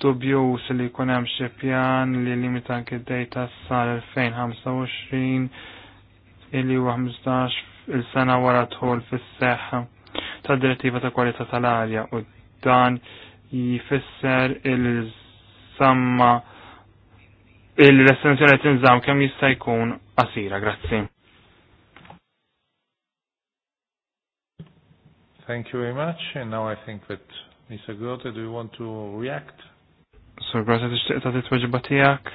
dubjus li jkun hemm xi pjan li limita anke d-dejta sal 2025 illi li 15 il-sena wara tħol fis-seħħ ta' direttiva ta' kwalità tal-arja u dan jifisser il-samma il-restenzjoni tinżam kemm jista' jkun qasira, grazzi. Thank you very much, and now I think that Mr. Grote, do you want to react? So, Grote, tixtieq ta' titweġba tiegħek?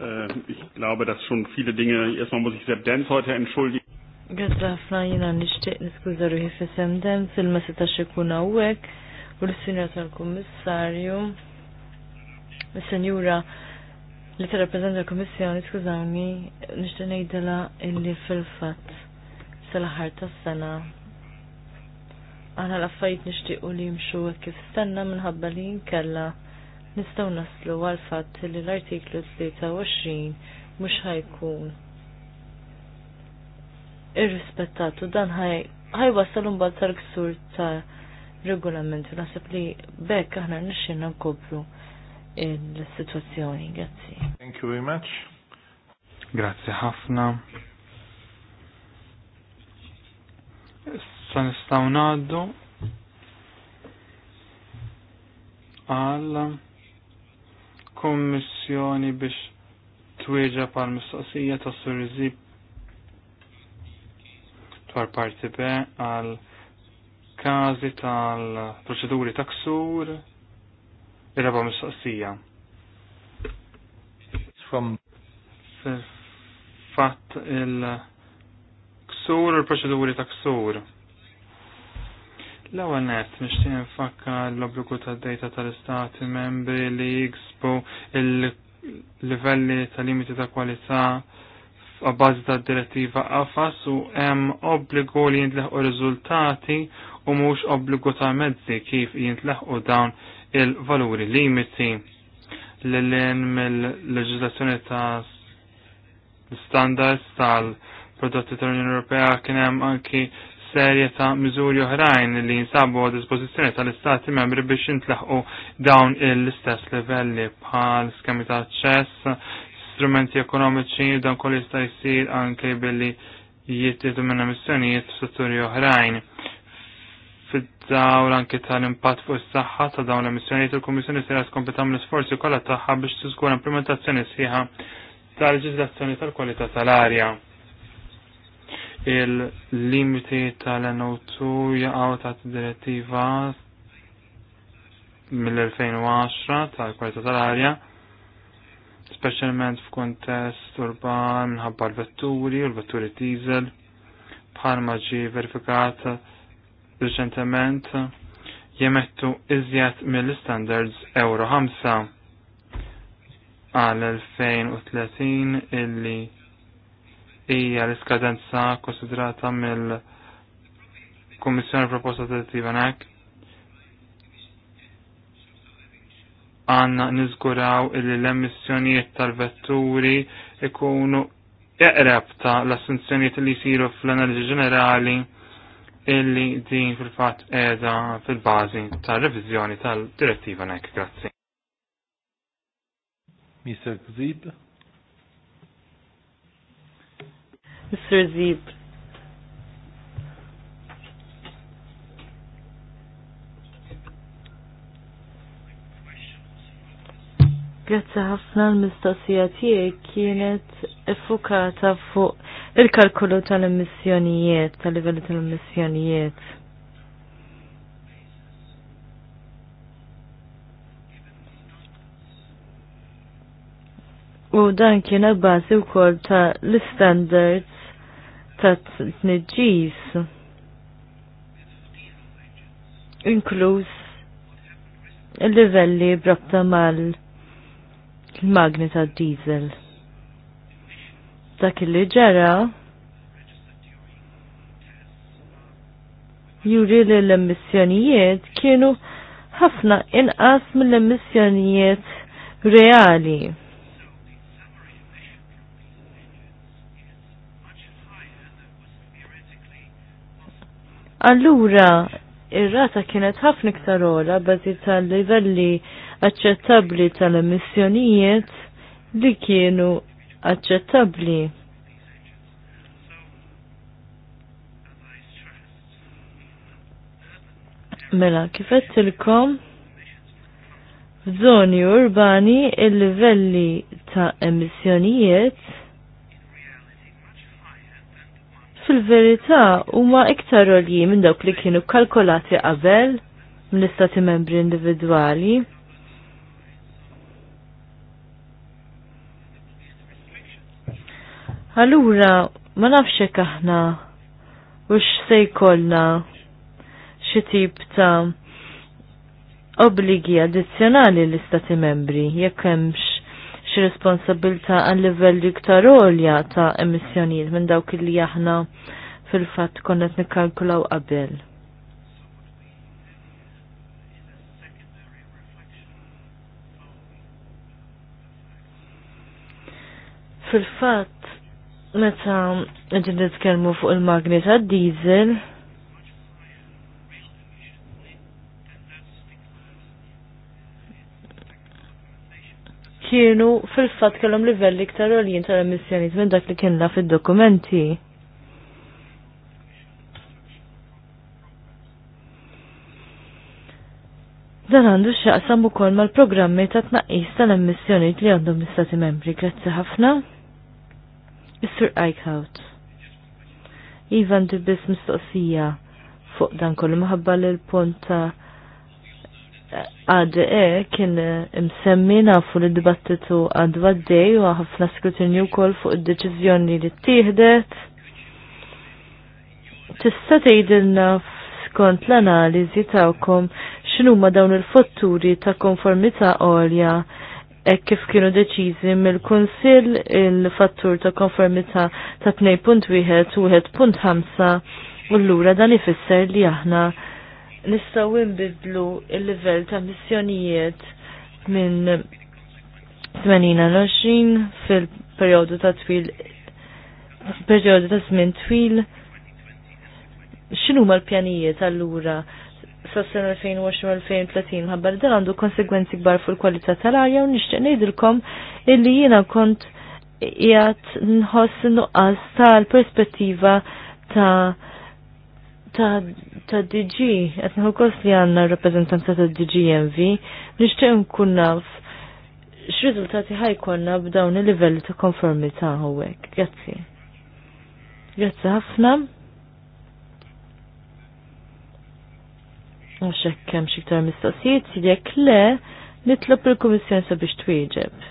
Ähm, ich glaube, dass schon viele Dinge, erstmal muss ich Sepp Dance heute entschuldigen. Għazza ħafna jina nishtiq niskuza ruħi fissem dem fil-ma setax ikun għawek u l-sinja tal-kommissarju. Il-senjura li t-rapprezenta l-kommissjoni, skużawni, nishtiq nejdela illi fil-fat sal-ħar ta' s sena. Għana l-affajt nishtiq u li jimxu kif stanna minħabba li jinkella nistaw naslu għal fatt li l-artiklu 23 mux ħajkun irrispettatu dan ħaj ħaj wasal un tal ksur ta' regolamenti nasib li bekk aħna nixxinna nkopru il-situazzjoni. Grazzi. Thank you very much. Grazzi ħafna. Sa nistaw naddu għal kommissjoni biex twieġa pal mistoqsija ta' Surizi dwar parti B għal każi tal-proċeduri ta' ksur il-raba mistoqsija. fatt il-ksur u l-proċeduri ta' ksur. L-ewwel nett nixtieq nfakkar l-obbligu tad-dejta tal-istati membri li jiksbu il-livelli ta' limiti ta' kwalità f'abbażi tad-direttiva qafas u hemm obbligu li jintleħqu riżultati u mhux obbligu ta' mezzi kif jintleħqu dawn il-valuri limiti l-lin mill-leġislazzjoni ta' standards tal-prodotti tal-Unjoni Ewropea kien hemm anki serje ta' miżuri oħrajn li jinsabu għad dispożizzjoni tal-istati membri biex jintlaħu dawn l-istess livelli bħal skemi ta' ċess, strumenti ekonomiċi, dan kol jista' jsir anke billi jittieħdu minn emissjonijiet f'setturi oħrajn. Fid-dawl anke tal-impatt fuq is-saħħa ta' dawn l-emissjonijiet il-Kummissjoni se tkompli l isforzi kollha tagħha biex tiżgur implementazzjoni sħiħa tal-leġiżlazzjoni tal-kwalità tal-arja il-limiti tal-NO2 jaqgħu ta' direttiva mill-2010 tal-kwalità tal-arja specialment f'kontest urban minħabba l-vetturi u l-vetturi diesel bħalma ġi verifikat reċentement jemettu iżjed mill-standards Euro 5 għal 2030 illi hija l-iskadenza konsidrata mill-Kummissjoni proposta direttiva nek. Għanna niżguraw illi l-emissjonijiet tal-vetturi ikunu eqreb ta' l-assunzjonijiet li jisiru fl-analiġi ġenerali illi din fil-fatt edha fil-bazi tal-revizjoni tal-direttiva nek. Grazzi. Mr. Gzib. Mr. Zib. Grazzi ħafna l-mistoqsija tiegħi kienet effukata fuq il-kalkulu tal-emissjonijiet, tal-livelli tal-emissjonijiet. U dan kien abbażi wkoll ta' l-standards tat t Inkluż il-livelli brabta mal magni ta' diesel. Dak li ġara juri li l-emissjonijiet kienu ħafna inqas mill-emissjonijiet reali. allura ir-rata kienet ħafna iktar ola bazi tal-livelli aċċettabbli tal-emissjonijiet li kienu aċċettabbli. Mela, kifet tilkom f'żoni urbani il-livelli ta' emissjonijiet fil-verità huma iktar għolji minn dawk li kienu kalkolati qabel mill-istati membri individwali. Allura, ma nafx hekk aħna u se jkollna xi tip ta' obbligi addizzjonali l-istati membri jekk hemmx xi responsabilta għal livelli iktar għolja ta' emissjonijiet minn dawk li aħna fil-fatt konna qed nikkalkulaw qabel. Fil-fatt meta qegħdin nitkellmu fuq il-magni tad-diesel, kienu fil-fat kellhom livelli iktar għoljien tal-emissjoniet minn dak li kienna fil-dokumenti. Dan għandu xaqsam u kol mal-programmi ta' tnaqqis tal-emissjoniet li għandhom l membri. Grazzi ħafna. Is-Sur Eichhout. Ivan tibis mistoqsija fuq dan kollu maħabba l-punt ta' ADE kien imsemmi nafu li dibattitu għad għaddej u ħafna skrutinju kol fuq id-deċizjoni li t tihdet Tista' tgħidilna skont l-analiżi tagħkom x'inhuma dawn il-fatturi ta' konformità għolja e kif kienu deċiżi mill-Kunsill il-fattur ta' konformità ta' 2.1 u 1.5 u l-lura dan ifisser li aħna nistaw imbidlu il-level ta' missjonijiet minn 80 fil-periodu ta' twil periodu ta' żmien twil x'inhuma ma l-pjanijiet allura sa' sen 2020-2030 ħabbar dan għandu konsegwenzi kbar fuq il-kwalità tal-arja u nixtieq ngħidilkom illi jiena kont qiegħed nħoss nuqqas tal-perspettiva ta' ta', ta DG, qed u kos li għandna rappreżentanza ta' DG MV, nixtieq nkun naf x'riżultati ħajkonna b'dawn il-livelli ta' konformità għawek. Grazzi. Grazzi ħafna. Għaxek kem xiktar xi mistoqsijiet, jekk le, nitlob il-Kummissjoni sabiex twieġeb.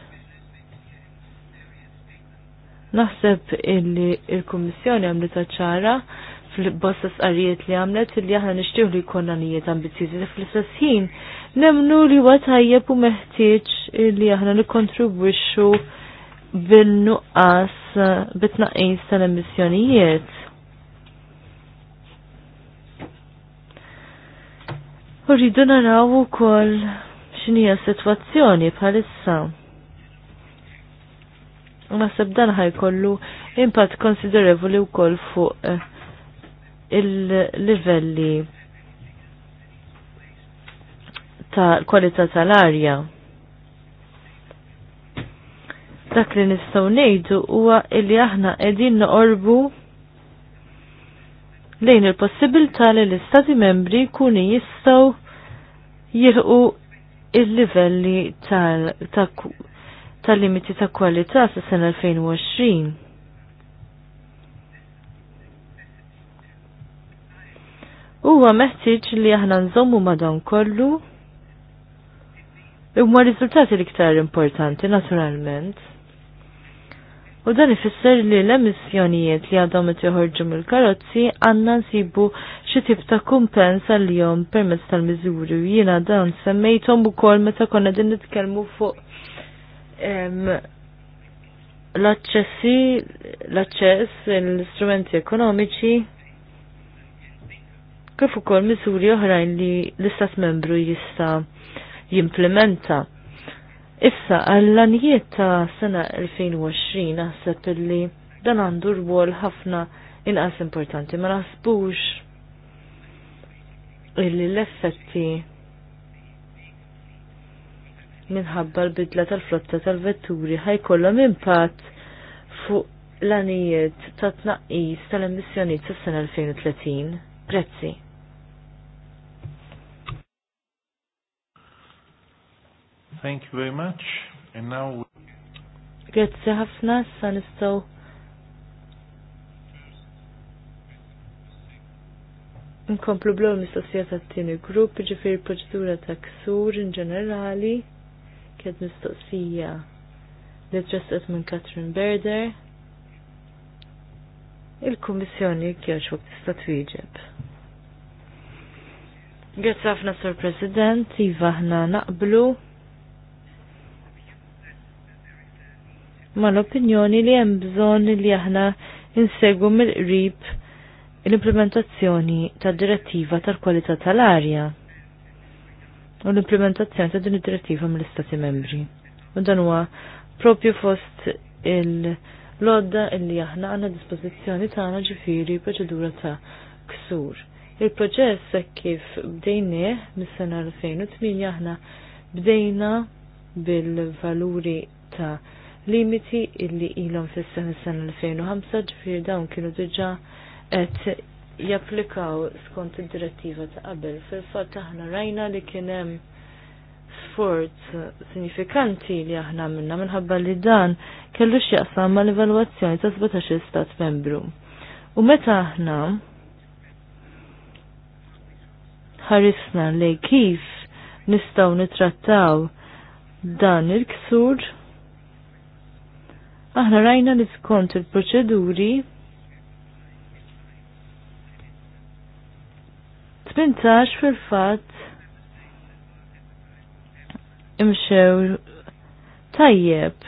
Naħseb il-Kummissjoni għamlita ċara fil-bosta sqarijiet li għamlet li aħna nixtieħu li konna nijiet ambizjużi li fl-istess ħin nemnu li huwa tajjeb u meħtieġ li aħna nikkontribwixxu bil-nuqqas bit-tnaqqis tal-emissjonijiet. U rridu naraw ukoll x'inhija s-sitwazzjoni bħalissa. Naħseb dan ħajkollu impatt konsiderevoli wkoll fuq il-livelli ta' kwalità tal-arja. Dak li nistgħu ngħidu huwa li aħna qegħdin noqorbu lejn il-possibilità li l-Istati membri jkunu jistgħu jilqu il-livelli tal-limiti ta', ta kwalità sa' sena 2020. huwa meħtieġ li aħna nżommu madan kollu Imma riżultati l-iktar importanti, naturalment. U dan ifisser li l-emissjonijiet li għadhom qed joħorġu mill-karozzi għandna nsibu xi tip ta' kumpens għal-jom permezz tal-miżuri u jiena dan semmejthom ukoll meta konna din nitkellmu fuq l-aċċessi l-aċċess l-istrumenti ekonomiċi kif ukoll miżuri oħrajn li l-istat membru jista' jimplementa. Issa għall lanijiet ta' sena 2020 naħseb illi dan għandu rwol ħafna inqas importanti ma naħsbux illi l-effetti minħabba l-bidla tal-flotta tal-vetturi ħajkollhom impatt fuq l-anijiet ta' tnaqqis tal-emissjonijiet sas-sena 2030. Prezzi. Thank you very much. And now... Grazie ħafna, sa nistaw. Nkomplu blom mistoqsija ta' t-tini grupp, ġifiri proċedura ta' ksur in ġenerali, kien mistoqsija li trasqet minn Katrin Berder. Il-Kummissjoni kiex waqt tista' twieġeb. Grazzi ħafna Sur President, iva aħna naqblu mal-opinjoni li hemm bżonn li aħna insegu mill-qrib l-implementazzjoni tad-direttiva tal-kwalità tal-arja u l-implementazzjoni ta' din id-direttiva mill-Istati membri. U dan huwa propju fost il-lodda illi aħna għandna dispożizzjoni tagħna ġifieri proċedura ta' ksur. Il-proċess kif bdejnieh mis-sena 2008 aħna bdejna bil-valuri ta' limiti illi ilhom fis-sena sena 2005 ġifir dawn kienu diġà qed japplikaw skont id-direttiva ta' qabel. Fil-fatt aħna rajna li kien hemm sforz sinifikanti li aħna minna minħabba li dan kellu x'jaqsam mal-evalwazzjoni ta' 17 stat membru. U meta aħna ħarisna li kif nistaw nitrattaw dan il-ksur Aħna rajna li skont il-proċeduri tmintax fil-fatt imxew tajjeb.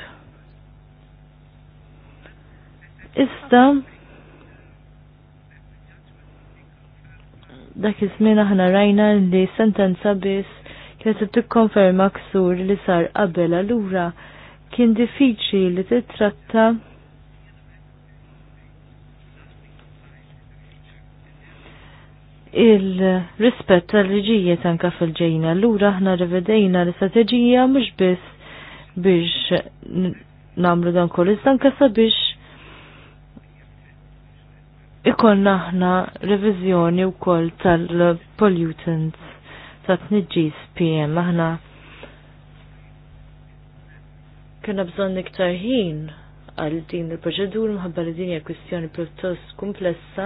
Issa dak iż-żmien aħna rajna li sentenza biss kienet tikkonferma ksur li sar qabel allura kien diffiċli li titratta il-rispett tal-liġijiet anka fil-ġejna. Lura aħna rivedejna l-istrateġija mhux biss biex namlu dan iżdan kasa biex sabiex ikollna aħna u wkoll tal-pollutants ta' tniġġis PM aħna kena bżon iktar ħin għal din il-proċedur mħabba li din hija kwistjoni pjuttost komplessa.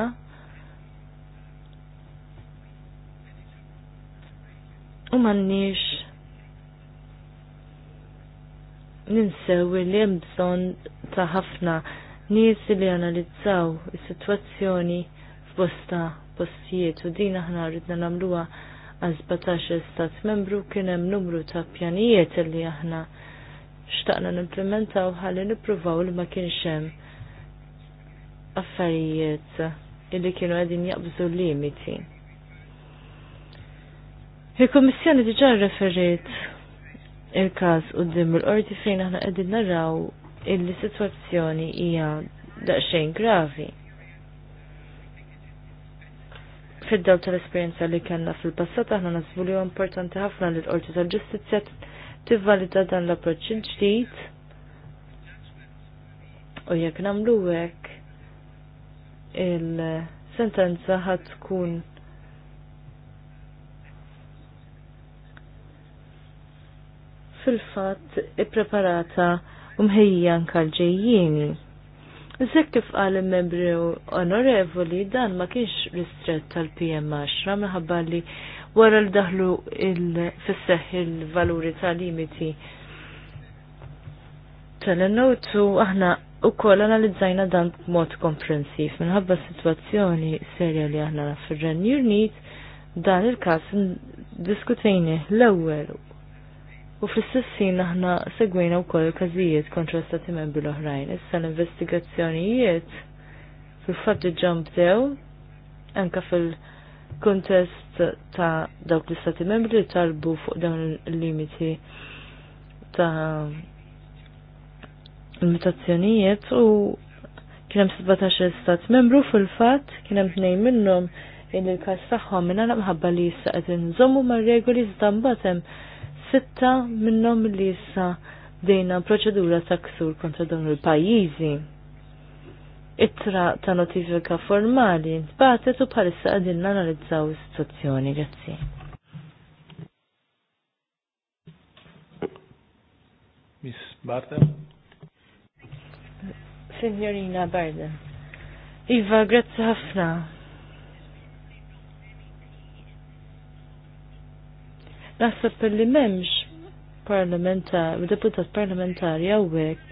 U m'għandniex ninsew li hemm bżonn ta' ħafna nies li analizzaw is-sitwazzjoni f'bosta postijiet u din aħna rridna nagħmluha għal 17 stat membru kien hemm numru ta' pjanijiet li aħna xtaqna nimplementaw ħalli nippruvaw li ma kienx hemm affarijiet illi kienu qegħdin jaqbżu limiti. Il-Kommissjoni diġà referiet il-każ qudiem il-qorti fejn aħna qegħdin naraw illi sitwazzjoni hija daqsxejn gravi. fid dawl tal-esperjenza li kellna fil-passat aħna nasbu li huwa importanti ħafna li l-Qorti tal-Ġustizzja tivvalida dan l-approċċ ġdid u jekk nagħmlu hekk il-sentenza ħad tkun fil-fatt ippreparata u mħejja anka l kif qal il-membri onorevoli dan ma kienx ristret tal-PM10 minħabba li wara l daħlu il-fisseħ il-valuri tal-limiti tal-notu aħna wkoll analizzajna dan b'mod komprensif minħabba situazzjoni serja li aħna fir-Renju Unit dan il-każ diskutejni l-ewwel u fl-istessin aħna segwejna wkoll każijiet kontra stati membri l-oħrajn. Issa l-investigazzjonijiet fil fat ġambdew anka anke fil- kontest ta' dawk l-istati membri li talbu fuq dawn il-limiti ta' limitazzjonijiet u kienem 17 stat membru fil-fat kienem tnejn minnhom in il-kas tagħhom minna għalaq li issa qed inżommu mar-regoli iżda mbagħad hemm sitta minnhom li issa dejna proċedura ta' ksur kontra dawn il-pajjiżi it-tra ta' notifika formali batet u bħalissa għadin nanalizzaw istituzzjoni. Grazzi. Miss Barden. Signorina Barden. Iva, grazzi ħafna. Naħseb li memx parlamentar, deputat parlamentari għawek,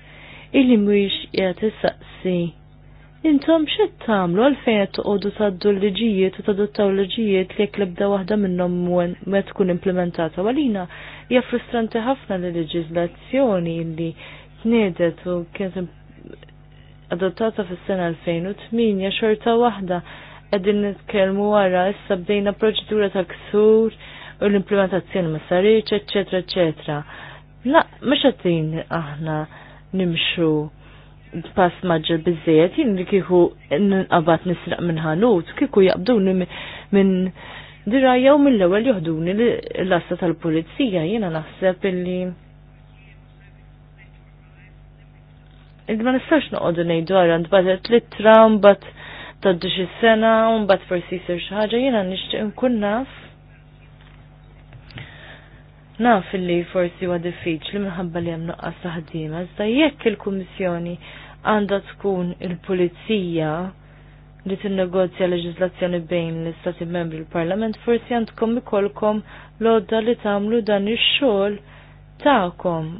illi mwix jgħat saqsi Intom xed tagħmlu għalfejn qed toqogħdu tgħaddu l-liġijiet u tadottaw l-liġijiet li jekk l-ebda waħda minnhom ma tkun implementata għalina hija frustranti ħafna li leġiżlazzjoni li tniedet u kienet adottata fis-sena 2008 xorta waħda qegħdin nitkellmu wara issa bdejna proċedura ta' ksur u l-implementazzjoni ma saritx, eċetra, eċċetera. La, mhux qed aħna nimxu pass maġġel bizzejet, jien li kieku għabat nisraq minn ħanut, kieku jaqbduni minn dirajja u mill-ewwel joħduni l-asta tal-pulizija, jiena naħseb illi Id ma nistax noqogħdu ngħidu għara ntbatet littra mbagħad tgħaddi xi sena u mbagħad forsi jsir xi ħaġa jiena nixtieq nkun naf. Naf illi forsi huwa diffiċli minħabba li hemm noqqas taħdima, iżda jekk il-Kummissjoni għanda tkun il-pulizija li tinnegozja leġislazzjoni bejn l-Istati membri l-Parlament forsi għandkom ikolkom l-odda li tagħmlu dan ix-xogħol tagħkom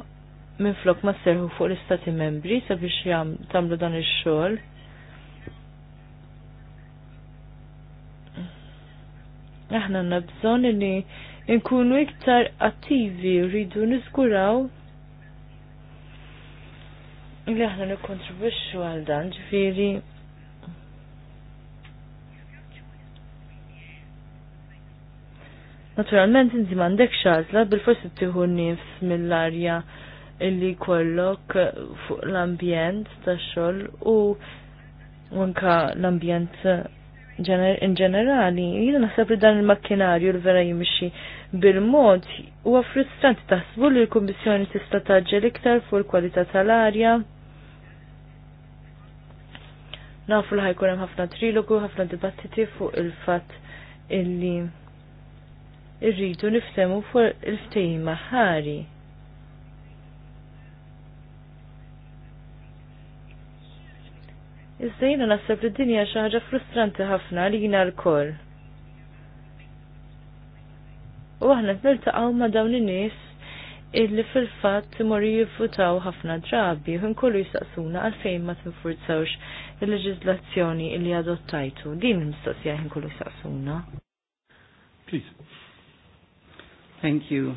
minflok ma serħu fuq l-Istati membri sabiex tagħmlu dan ix-xogħol. Aħna għandna bżonn li nkunu iktar attivi rridu niżguraw li aħna nikkontribwixxu għal dan ġifieri Naturalment inti m'għandek xazla bil-forsi tieħu nifs mill-arja illi kollok fuq l-ambjent tax-xogħol u anka l-ambjent in ġenerali. Jiena naħseb li dan il-makkinarju l vera jimxi bil-mod huwa frustranti taħsbu li l-Kummissjoni tista' taġġel iktar fuq il-kwalità tal-arja. Nafu li ħajkun hemm ħafna trilogu, ħafna dibattiti fuq il-fatt illi irridu niftemu fuq il-ftehim maħari. Iżda jiena naħseb li d-dinja xi ħaġa frustranti ħafna li jiena l-koll. U aħna niltaqgħu ma' dawn in-nies illi fil-fatt imorru jifutaw ħafna drabi, u nkollu jisaqsuna għalfejn ma tinfurzawx il-leġizlazzjoni li adottajtu. Din mistoqsija ħin kollu saqsuna. Please. Thank you.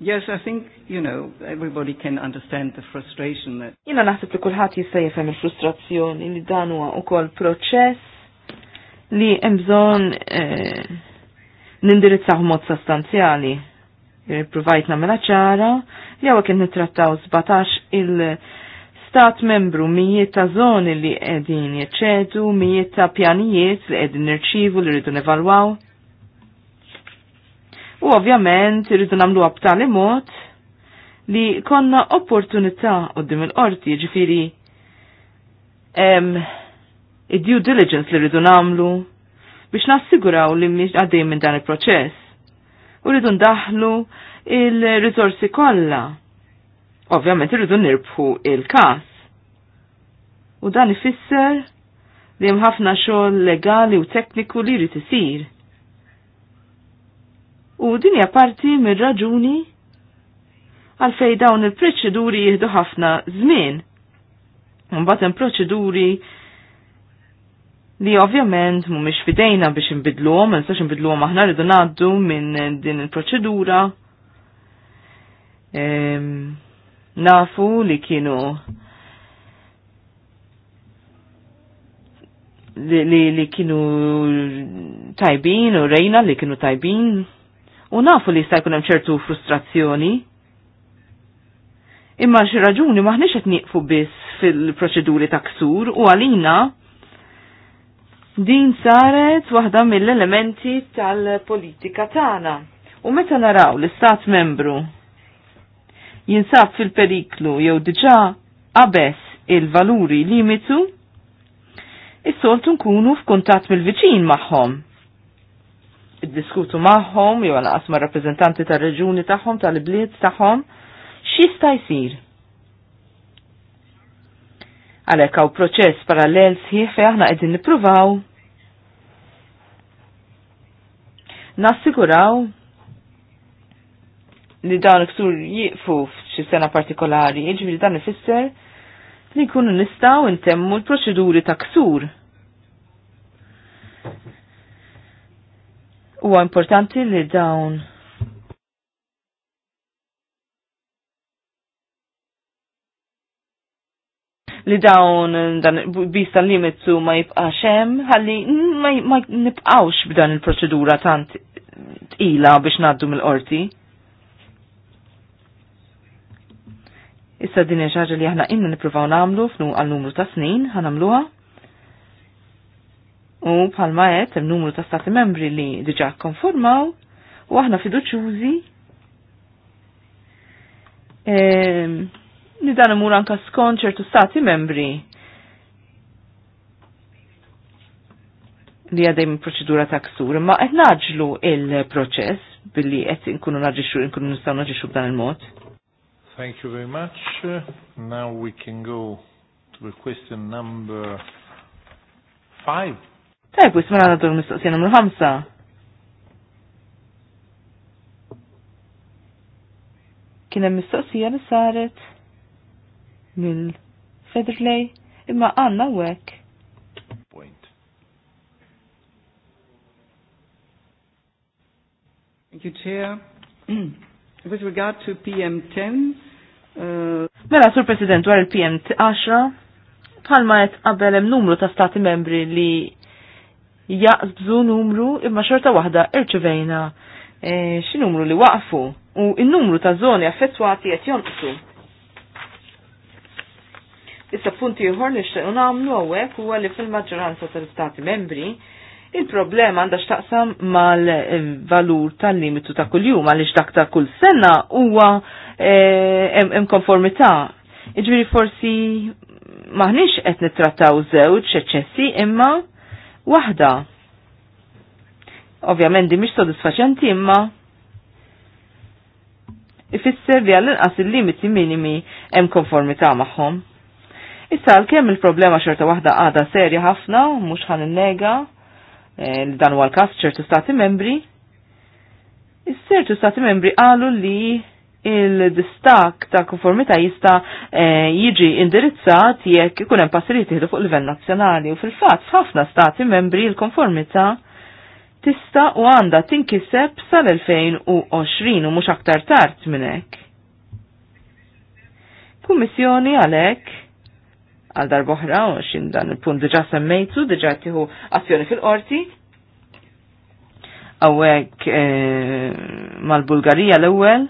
Yes, I think, you know, everybody can understand the frustration that... Jina naħseb li kullħat jista' jifhem il-frustrazzjoni li dan huwa ukoll proċess li hemm bżonn eh, nindirizzaw mod sostanzjali. Provajt namela ċara li għawek nittrattaw 17 il- stat membru mijiet ta' zoni li edin jeċedu, mijiet ta' pjanijiet li edin irċivu li rridu nevalwaw. U ovvjament rridu namlu b'tali mod li konna opportunità dim il-qorti ġifiri id-due diligence li rridu namlu biex nassiguraw li miex għaddej minn dan il-proċess. U rridu ndaħlu il-rizorsi kollha Ovvjament irridu nirbħu il-każ. U dan ifisser li hemm ħafna xogħol legali u tekniku li jrid isir. U din hija parti mir-raġuni għalfej dawn il-proċeduri jieħdu ħafna żmien. Mbagħad hemm proċeduri li ovvjament mhumiex fidejna biex inbidluhom, ma nistax inbidluhom aħna rridu ngħaddu minn din il-proċedura. Ehm nafu li kienu li, li, li kienu tajbin u rejna li kienu tajbin u nafu li jista' jkun hemm ċertu frustrazzjoni. Imma xi raġuni maħniex qed nieqfu biss fil-proċeduri ta' ksur u għalina din saret waħda mill-elementi tal-politika tagħna. U meta naraw l-istat membru jinsab fil-periklu jew diġà abess il-valuri limitu, is-soltu nkunu f'kuntatt mill-viċin magħhom. Iddiskutu magħhom jew naqas ma' rappreżentanti tar-reġuni tagħhom tal-bliet tagħhom x'jista' jsir. Għalhekk hawn proċess parallel sħiħ fejn aħna qegħdin nippruvaw nassiguraw li dawn iksur jiqfu xi sena partikolari, jiġifieri dan ifisser li jkunu nistgħu ntemmu l-proċeduri ta' ksur. Huwa importanti li dawn li dawn dan bis limitsu limitu ma jibqax hemm ħalli ma, nibqgħux nibqawx b'dan il-proċedura tant tqila biex ngħaddu mill-qorti. Issa din xaġa li aħna inna nippruvaw nagħmlu f'nu għal numru ta' snin ħanamluha. U bħalma qed hemm numru ta' stati membri li diġà konformaw u aħna fiduċjużi ehm, li dan imur anka skont ċertu stati membri li għadem proċedura ta' ksur, ma qed naġlu il-proċess billi qed inkunu naġixxu inkunu nistgħu naġixxu b'dan il-mod. Thank you very much. Now we can go to the question number five. Tajb, u smana għadu l-mistoqsija numru 5. Kienem mistoqsija li saret mill-Federley imma għanna wek. Point. Thank you, Chair. With regard to PM10, s Mela, Sur President, għar il-PM10, bħalma qed qabel hemm numru ta' stati membri li jaqbżu numru imma xorta waħda irċivejna xin e, xi numru li waqfu u n-numru ta' żoni affettwati qed jonqsu. Issa punti ieħor nixtiequ nagħmlu hawnhekk huwa li fil-maġġoranza tal stati membri Il-problema għandha x'taqsam mal-valur tal-limitu ta' kuljum għaliex dak ta' kull sena huwa hemm eh, konformità. Iġbiri forsi maħniex qed nittrattaw żewġ eċċessi imma waħda. Ovvjament di mhix sodisfaċenti imma ifisser li għall-inqas il-limiti minimi hemm konformità magħhom. Issa għalkemm il-problema xorta waħda għada serja ħafna, mhux ħan innega, li eh, dan huwa l-każ ċertu stati membri, is stati membri qalu li il-distak ta' konformita jista' eh, jiġi indirizzat jekk ikun hemm passiriet jieħdu fuq livell nazzjonali u fil-fatt f'ħafna stati membri l-konformità tista' u għandha tinkiseb sal-2020 u mhux aktar tard minn hekk. Kummissjoni għalhekk għal darboħra, u xin dan il-punt diġa semmejtu, diġa tiħu azzjoni fil-qorti. Għawek eh, mal-Bulgarija l-ewel,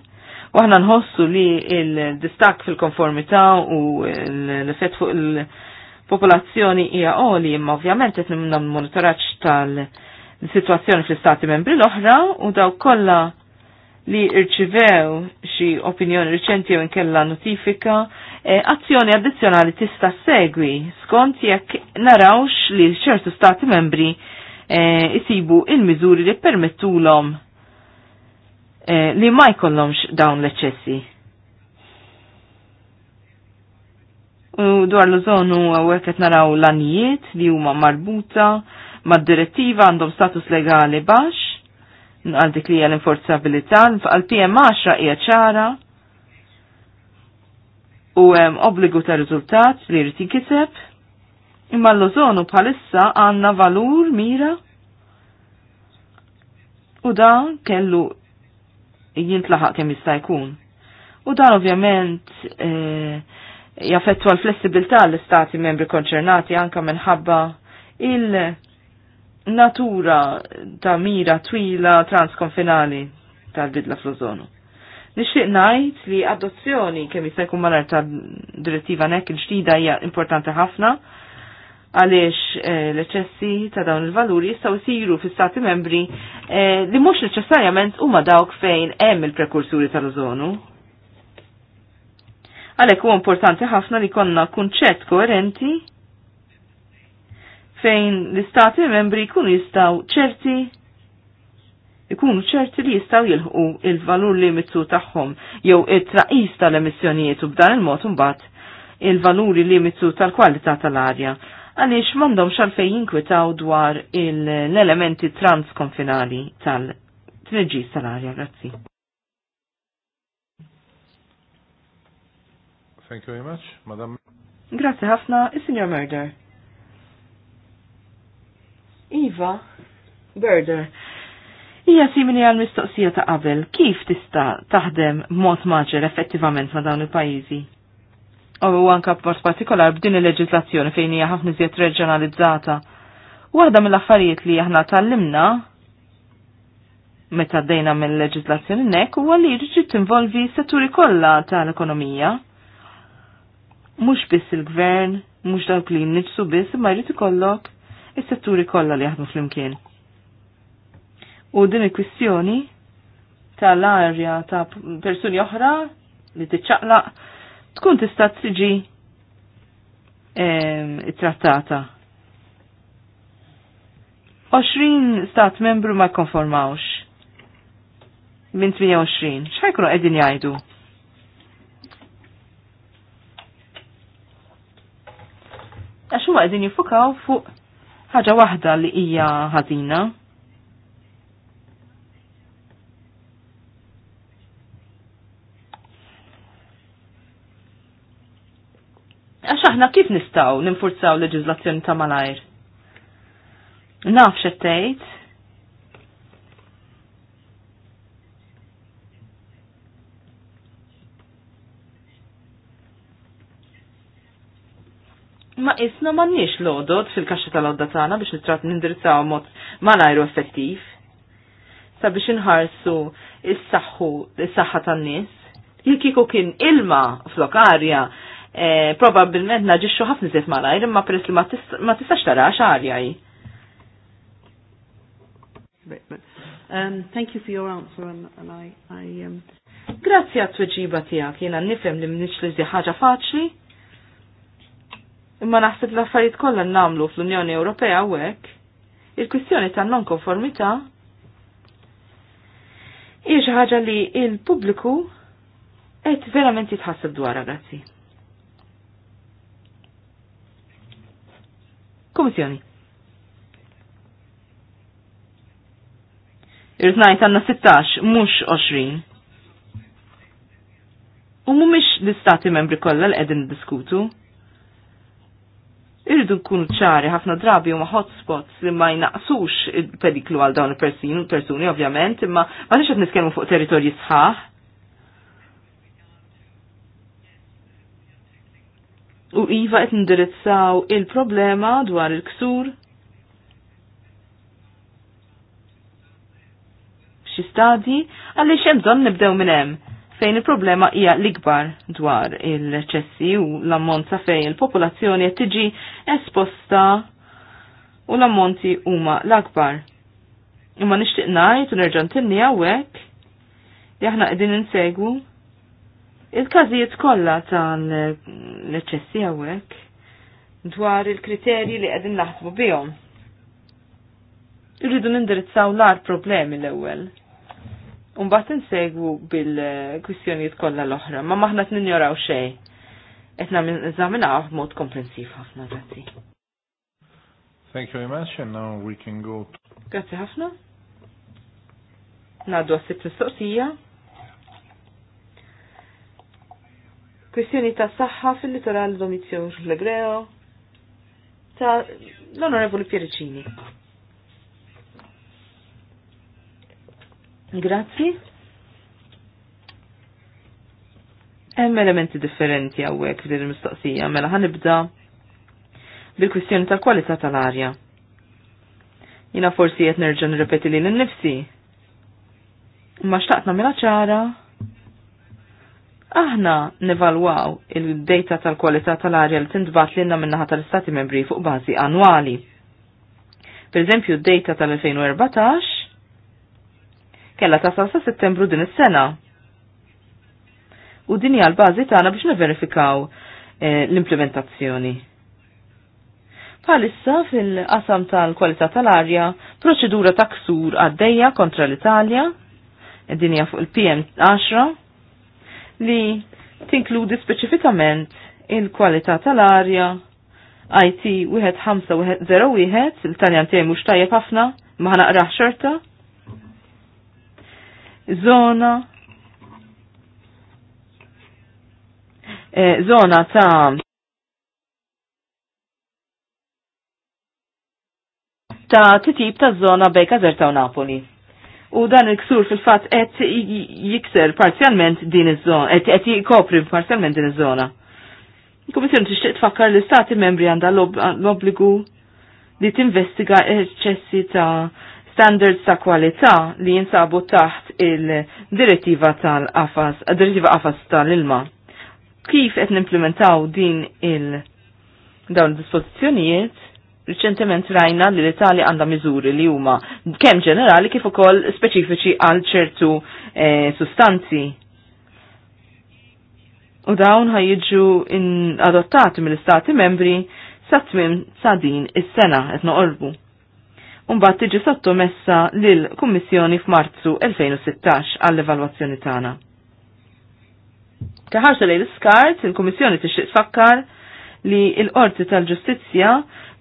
u aħna nħossu li il-distak fil-konformita u l-effett fuq il-popolazzjoni hija oli, imma ovvjament qed nimna monitoraġġ tal-sitwazzjoni fl-istati membri l-oħra u daw kollha li irċivew xi opinjoni riċenti u nkella notifika E, azzjoni addizzjonali tista' segwi skont jekk narawx li ċertu stati membri e, isibu il-miżuri li permettulhom e, li ma jkollhomx dawn l-eċċessi. U dwar l-ożonu għawek qed naraw l-anijiet li huma marbuta mad-direttiva għandhom status legali baxx għal dik li hija l-inforzabilità, għal PM10 hija ċara u hemm obbligu ta' riżultat li jrid jinkiseb, imma l-ożonu bħalissa għandna valur mira u dan kellu jintlaħaq kemm jista' jkun. U dan ovvjament eh, jaffettwa l-flessibilità l-istati membri konċernati anka minħabba il-natura ta' mira twila transkonfinali tal-bidla fl ożonu Nixtieq ngħid li adozzjoni kemm jista' jkun malar ta' direttiva nek il-ġdida hija importanti ħafna għaliex eh, l-eċessi ta' dawn il-valuri jistgħu jsiru fis-stati membri eh, li mhux neċessarjament huma dawk fejn hemm il-prekursuri tal-ożonu. Għalhekk huwa importanti ħafna li konna kunċett koerenti fejn l-istati membri jkunu jistgħu ċerti ikunu ċerti li jistaw jilħu il-valur limitu tagħhom jew it-traqis tal-emissjonijiet u b'dan il-mod imbagħad il-valuri limitu tal-kwalità tal-arja għaliex m'għandhom xalfej jinkwitaw dwar l-elementi transkonfinali tal-tneġġis tal-arja. Grazzi. Thank you very much, Madam. Grazzi ħafna, is-Sinjor Murder. Iva, Murder. Hija simili għal mistoqsija ta' qabel, kif tista' taħdem mod maġel effettivament ma' dawn il-pajjiżi? U għanka b'mod partikolar b'din il leġizlazzjoni fejn hija ħafna iżjed reġjonalizzata. Waħda mill-affarijiet li aħna tallimna meta dejna mill leġizlazzjoni nek huwa li jiġi tinvolvi setturi kollha tal-ekonomija. Mhux biss il-gvern, mhux dawk li jinniġsu biss, ma jrid ikollok is-setturi kollha li jaħdmu flimkien U din il-kwistjoni tal-arja ta' persuni oħra li tiċċaqlaq tkun tista' tiġi trattata. 20 stat membru ma konformawx minn 28. ċajkru qegħdin jgħidu? Għax għedin qegħdin fuq ħaġa waħda li hija ħażina aħna kif nistaw ninfurzaw leġizlazzjoni ta' malajr? Naf xettejt. Ma isna mannix lodot fil-kaxxa tal-odda tana biex nitrat nindirizzaw mod malajru effettiv. Sa biex inħarsu is-saħħu is-saħħa tan-nies. Il-kiku kien ilma flokarja Eh, probabilment naġixxu ħafna ziet malajr imma peress li ma tistax tara xarja hi. Um, thank you for your answer and, and I, I um... Grazzi għat tweġiba tijak, jena nifem li mniċ li zi ħaġa faċli. Imma naħseb l-affarijiet kollha namlu fl-Unjoni Ewropea u hekk. Il-kwistjoni ta' non-konformità hija xi ħaġa li il-pubbliku qed verament jitħasseb dwarha grazzi. Komissjoni. Irritnajt għanna 16, mux 20. U mumiex l-istati membri kollha l-edin diskutu irridu nkunu ċari ħafna drabi huma hotspots li ma jnaqsux il-pediklu għal dawn il-persuni, ovvjament, imma ma nix qed nitkellmu fuq territorji sħaħ. u iva qed indirizzaw il-problema dwar il-ksur. Xi stadi għaliex hemm bżonn nibdew minn hemm fejn il-problema hija l-ikbar dwar il-ċessi u l-ammont sa fejn il-popolazzjoni qed tiġi esposta u l-ammonti huma l-akbar. Imma nixtieq ngħid u nerġa' ntinni hawnhekk li aħna qegħdin insegwu Il-każijiet kollha l eċessi għawek dwar il-kriterji li qegħdin naħsbu bihom. Irridu nindirizzaw l-ar problemi l-ewwel. Unbat nsegwu bil-kwistjonijiet kollha l-oħra, ma maħna t-ninjoraw xej. Etna nizaminaw mod komprensiv ħafna, grazzi. Thank you very much, and now we can go to... Grazzi ħafna. Nadu għasib sitt mistoqsija. Kwestjoni ta' saħħa fil-litoral Domizio Legreo ta' l-Onorevoli Piericini. Grazzi. Hemm elementi differenti hawnhekk fil mistoqsija mela ħanibda bil-kwistjoni tal-kwalità tal-arja. Jina forsi qed nerġa' nirrepeti lil nnifsi. Ma xtaqt nagħmilha ċara Aħna nevalwaw il-data tal-kwalità tal-arja li tintbat l minnaħa tal-Istati membri fuq bażi annwali. Per eżempju, data tal-2014 kella ta' sa settembru din is-sena. U din hija l-bażi tagħna biex neverifikaw eh, l-implementazzjoni. Palissa fil-qasam tal-kwalità tal-arja, proċedura ta' ksur għaddejja kontra l-Italja, id-dinja fuq il-PM 10, li tinkludi speċifikament il-kwalità tal-arja, IT 1501, il-Taljan tiegħi mhux tajjeb ħafna, ma naqraħ xorta. Zona eh, Zona ta' ta' titib ta' zona bejka zerta' Napoli u dan il-ksur fil-fat qed jikser parzjalment din iż-żona, qed jikopri parzjalment din iż-żona. Il-Kummissjoni tixtieq tfakkar li stati membri għandha l-obbligu li tinvestiga eċċessi ta' standards ta' kwalità li jinsabu taħt il-direttiva tal afas direttiva Afas tal-ilma. Kif qed nimplementaw din il- dawn il-dispożizzjonijiet Riċentement rajna li l-Italja għandha miżuri li huma kemm ġenerali kif ukoll speċifiċi għal ċertu eh, sustanzi. U dawn ħajġu adottati mill-Istati membri sa tmim sa din is-sena qed noqorbu. mbagħad tiġi sottomessa lil kummissjoni f'Marzu 2016 għall-evalwazzjoni tagħna. Taħarġa lejn l iskart il-Kummissjoni tixtieq tfakkar li l-Qorti tal-Ġustizzja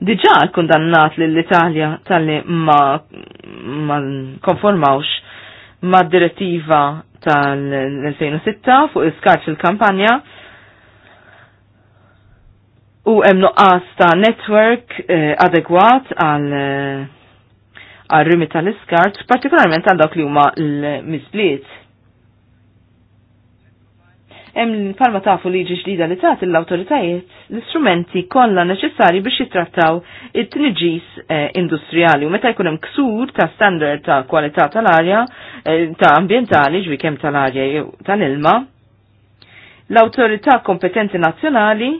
diġa kundannat l-Italja tal-li ma, ma konformawx ma direttiva tal-2006 fuq il-skarċ il-kampanja u hemm nuqqas ta' network eh, adegwat għal eh, għal rimi tal-iskart, partikolarment għal dak li huma l-misbliet hemm palma tafu liġi ġdida li tagħti l-awtoritajiet l-istrumenti kollha neċessarji biex jittrattaw it-tniġis eh, industrijali u meta jkun hemm ksur ta' standard ta' kwalità tal-arja eh, ta' ambjentali ġwi kemm tal-arja jew tal-ilma l-awtorità kompetenti nazzjonali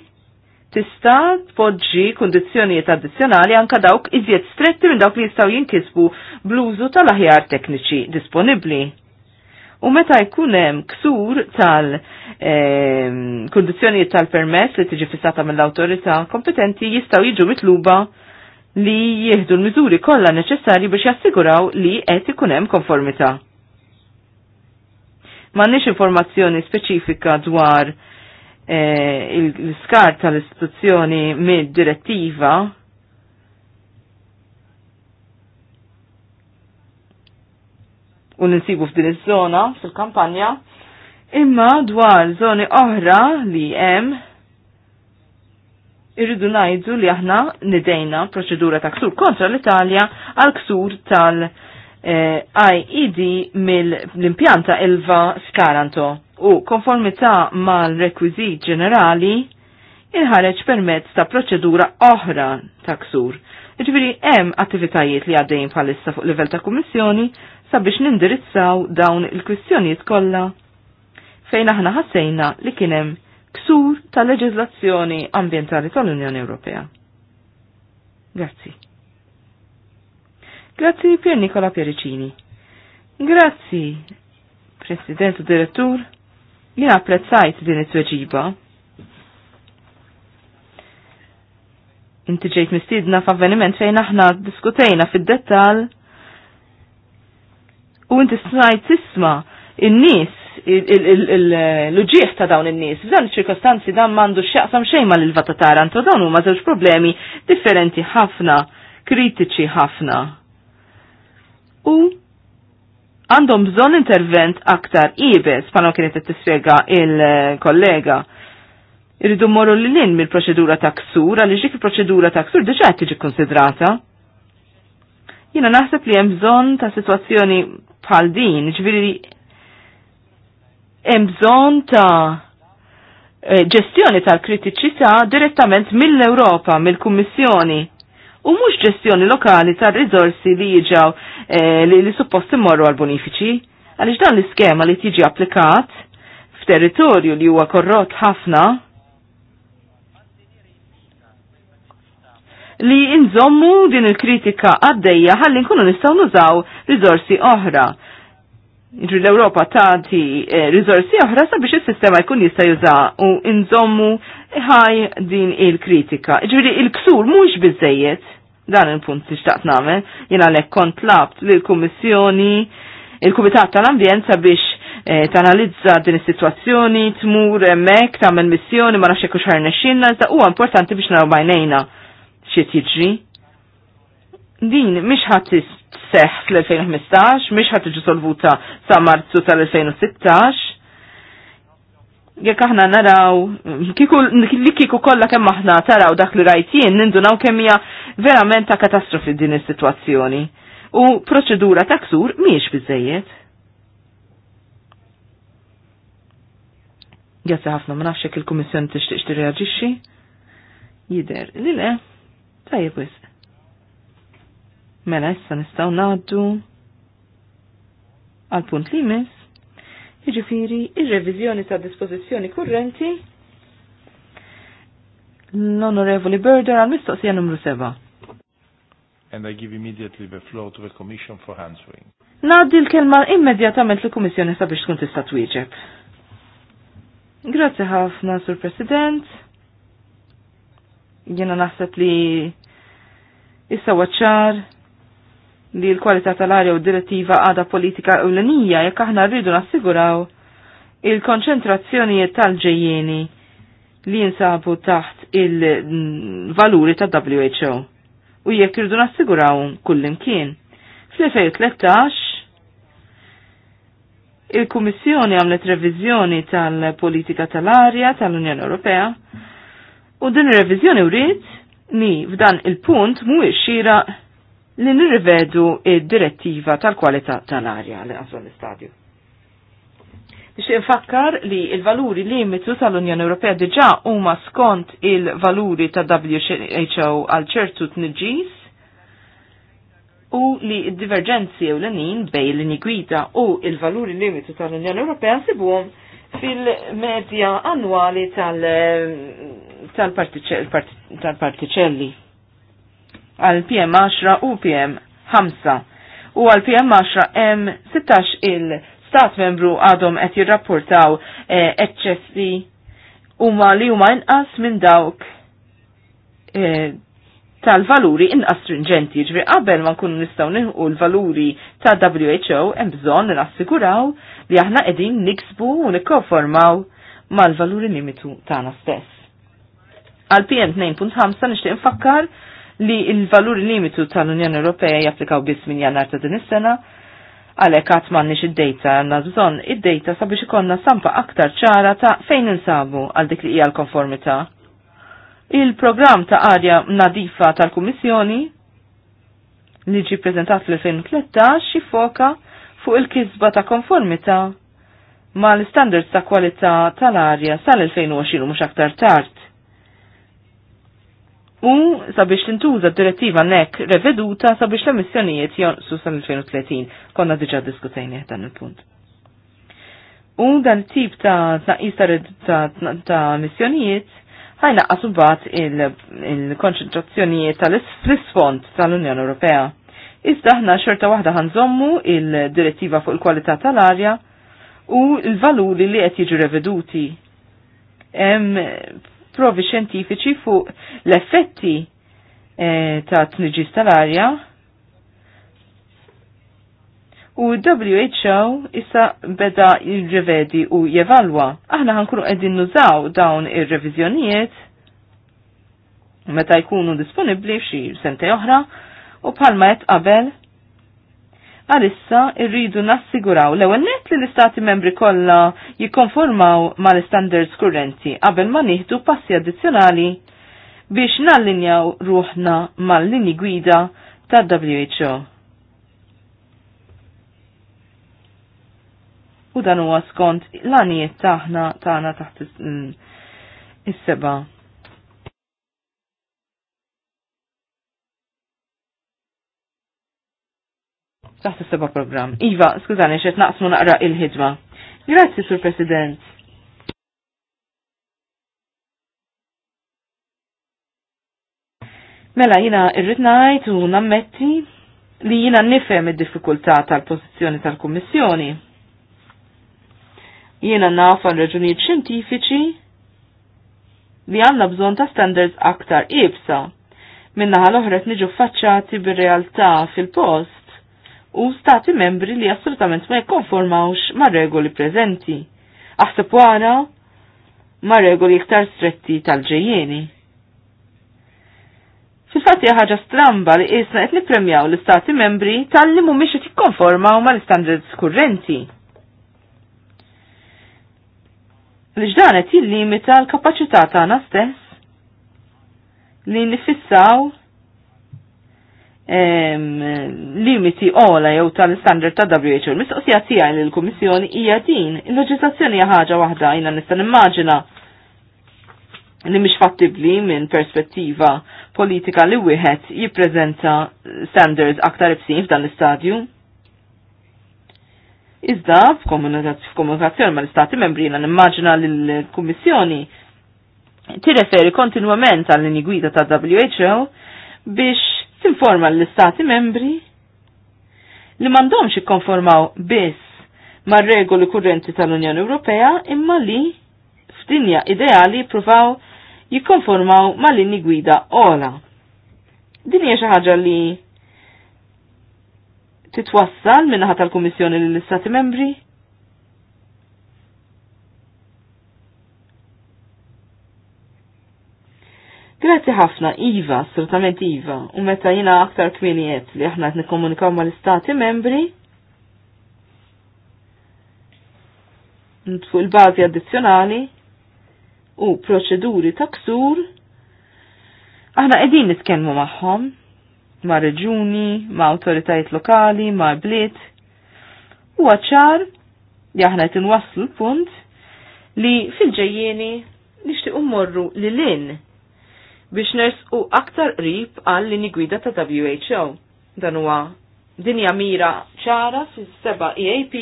tista' tpoġġi kundizzjonijiet addizzjonali anka dawk iżjed stretti minn dawk li jistgħu jinkisbu bl-użu tal-aħjar tekniċi disponibbli. U meta jkun hemm ksur tal ehm, kundizzjonijiet tal-permess li tiġi fissata mill-awtorità kompetenti jistgħu jiġu mitluba li jieħdu l-miżuri kollha neċessarji biex jassiguraw li qed ikun hemm konformità. M'għandniex informazzjoni speċifika dwar eh, l-iskar tal-istituzzjoni mid-direttiva u ninsibu f'din iż-żona fil-kampanja, imma dwar żoni oħra li hemm irridu najdu li aħna nidejna proċedura ta' ksur kontra l-Italja għal ksur tal-IED eh, mill-impjanta Elva Skaranto u konformità mal-rekwizit ġenerali jħareġ permezz ta' proċedura oħra ta' ksur. Ġviri, hemm attivitajiet li għaddejn bħalissa fuq livell ta' kummissjoni sabiex nindirizzaw dawn il-kwistjonijiet kollha. Fejn aħna ħassejna li kien hemm ksur tal leġiżlazzjoni ambjentali tal-Unjoni Ewropea. Grazzi. Grazzi Pier Nicola Piericini. Grazzi, President u Direttur, jien apprezzajt din it-tweġiba. Inti ġejt mistiedna f'avveniment fejn aħna diskutejna fid-dettal U inti snajt tisma' in-nies l-ġieħ ta' dawn in-nies. F'dan ċirkostanzi dan mandu x'jaqsam xejn l vatatara anto dawn u żewġ problemi differenti ħafna, kritiċi ħafna. U għandhom bżonn intervent aktar ibes bħalma kienet qed tispjega il-kollega. Irridu morru l lin mill-proċedura ta' ksur, għaliex il-proċedura ta' ksur diġà tiġi konsidrata. Jina naħseb li hemm bżonn ta' situazzjoni bħal din, ġifieri hemm bżonn ta' eh, ġestjoni tal-kritiċità direttament mill-Ewropa, mill-Kummissjoni. U mhux ġestjoni lokali tal rizorsi li jiġaw eh, li, li suppost immorru għal bonifiċi, għaliex dan l-iskema li tiġi applikat f'territorju li huwa korrot ħafna li inżommu din il-kritika għaddejja ħalli nkunu nistgħu nużaw rizorsi oħra. Ġri l-Europa tagħti eh, rizorsi oħra sabiex is-sistema jkun jista' juża u nżommu ħaj din il-kritika. Ġri il-ksur mhux biżejjed dan il-punt li nagħmel, jien għalhekk kont labt lill kummissjoni il-Kumitat tal-Ambjent sabiex eh, tanalizza din is-sitwazzjoni, tmur hemmhekk tagħmel missjoni ma nafx hekk xarna xinna, iżda huwa importanti biex naraw bajnejna x'qed tiġi. Din mhix ħadd seħ fl-2015, mish ħadd tiġi solvuta sa Marzu tal-2016. Jekk aħna naraw, li kiku kolla kemm aħna taraw dak li rajtien, nindunaw kemm hija verament ta' katastrofi din is-sitwazzjoni. U proċedura ta' ksur mhijiex biżejjed. Grazzi ħafna ma nafx il-Kummissjoni tixtieq tirreaġixxi. Jider, li le. Tajib wisq. Mela issa nistgħu ngħaddu għal punt li miss, jiġifieri ir-reviżjoni ta' dispożizzjoni kurrenti l-Onorevoli Berder għal mistoqsija numru 7. And I give immediately the floor to the Commission for answering. Naddi l-kelma immedjatament l-Kummissjoni sabiex tkun tista' twieġeb. Grazzi ħafna, Sur President. Jena naħseb li issa waċċar li l-kwalità tal-arja u direttiva għada politika ewlenija jekk aħna rridu nassiguraw il-konċentrazzjonijiet tal-ġejjeni li jinsabu taħt il-valuri ta' WHO u jekk irridu nassiguraw kullimkien. Fl-2013 il-Kummissjoni għamlet reviżjoni tal-politika tal-arja tal-Unjoni Ewropea U din ir-reviżjoni wrid li f'dan il-punt mu xira li nirrivedu id-direttiva tal-kwalità tal-arja li għazwa l-istadju. Biex infakkar li il-valuri limitu tal-Unjoni Ewropea diġà huma skont il-valuri ta' WHO għal ċertu tniġis u li d-diverġenzi ewlenin bej l-inigwita u il-valuri limitu tal-Unjoni Ewropea sibuhom fil-medja annwali eh, tal-partiċelli għal PM10 u PM5 u għal PM10 M16 il-stat membru għadhom qed jirrapportaw eh, eċċessi huma li huma inqas minn dawk eh, tal-valuri inqas stringenti, ġri qabel ma nkunu nistgħu nilħu l-valuri ta' WHO hemm bżonn nassikuraw li aħna qegħdin niksbu u nikkonformaw mal-valuri limitu tagħna stess. Għal PM 2.5 nixtieq nfakkar li l-valuri limitu tal-Unjoni Ewropea japplikaw biss minn jannar ta' din is-sena għalhekk għad m'għandniex id-dejta għandna bżonn id-dejta sabiex ikonna sampa aktar ċara ta' fejn insabu għal dik li hija l konformità Il-programm ta' arja nadifa tal-Kummissjoni li ġi prezentat fl-2013 xifoka fuq il-kizba ta' konformita ma' l-standards ta' kwalità tal-arja sal-2020 mhux aktar tard. U sabiex tintuża d-direttiva nek reveduta sabiex l-emissjonijiet jonqsu sal-2030. Konna diġa diskutejni dan il-punt. U dan tip ta' tnaqqis ta' emissjonijiet ħajnaqqas imbagħad il-konċentrazzjonijiet tal-isfond tal-Unjoni Ewropea. Iżda aħna xorta waħda ħanżommu il-direttiva fuq il-kwalità tal-arja u l-valuri li qed jiġu reveduti. Hemm provi xjentifiċi fuq l-effetti eh, ta' tniġis tal-arja U WHO issa beda jirrevedi u jevalwa. Aħna ħankunu qegħdin nużaw dawn ir-reviżjonijiet meta jkunu disponibbli f'xi sente oħra u bħalma qed qabel għalissa irridu nassiguraw l ewwel net li l-istati membri kollha jikkonformaw mal-standards kurrenti qabel ma nieħdu passi addizzjonali biex nallinjaw ruħna mal-lini gwida tad WHO. u dan huwa skont l għanijiet taħna taħna taħt mm, is-seba. Taħt is-seba program. Iva, skużani, xed naqsmu naqra il-ħidma. Grazzi, Sur President. Mela, jina irrit najt u nammetti li jina nifem id-diffikultà tal-pozizjoni tal-Kommissjoni Jiena naf għal raġunijiet xjentifiċi li għandna bżonn ta' standards aktar ibsa. minna l-oħra niġu faċċati bir-realtà fil-post u stati membri li assolutament ma jikkonformawx ma' regoli preżenti. Aħseb wara ma' regoli iktar stretti tal-ġejjeni. Fil-fatti ħaġa stramba li isna qed nippremjaw l-istati membri tal mhumiex qed jikkonformaw mal-istandards kurrenti. li dan qed jillimita l-kapaċità tagħna stess li nifissaw limiti ola jew tal-standard ta' WHO. Mistoqsija tiegħi l kummissjoni hija din il-leġiżlazzjoni hija ħaġa waħda jiena nista' nimmaġina li mhix fattibbli minn perspettiva politika li wieħed jippreżenta standards aktar ibsin f'dan l-istadju. Iżda f'komunikazzjoni mal-Istati membri jina nimmaġina l-Kummissjoni tirreferi kontinwament għall linji gwida ta' WHO biex tinforma l-Istati membri li mandomx ikkonformaw biss mar regoli kurrenti tal-Unjoni Ewropea imma li f'dinja ideali pruvaw jikkonformaw mal inni gwida ola. Din hija xi ħaġa li titwassal minnaħa tal-Kummissjoni lill istati membri? Grazzi ħafna, Iva, assolutament Iva, u meta jina aktar kminijiet li aħna qed nikkomunikaw mal-Istati membri, fuq il-bazi addizzjonali u proċeduri ta' ksur, aħna qegħdin nitkellmu magħhom ma' reġuni, ma' autoritajiet lokali, ma' bliet. U għacċar, jahna jtin waslu punt, li fil-ġejjeni nishti ummorru li l-in biex nersqu aktar qrib għal lini gwida ta' WHO. Dan huwa dinja mira ċara fis-seba EAP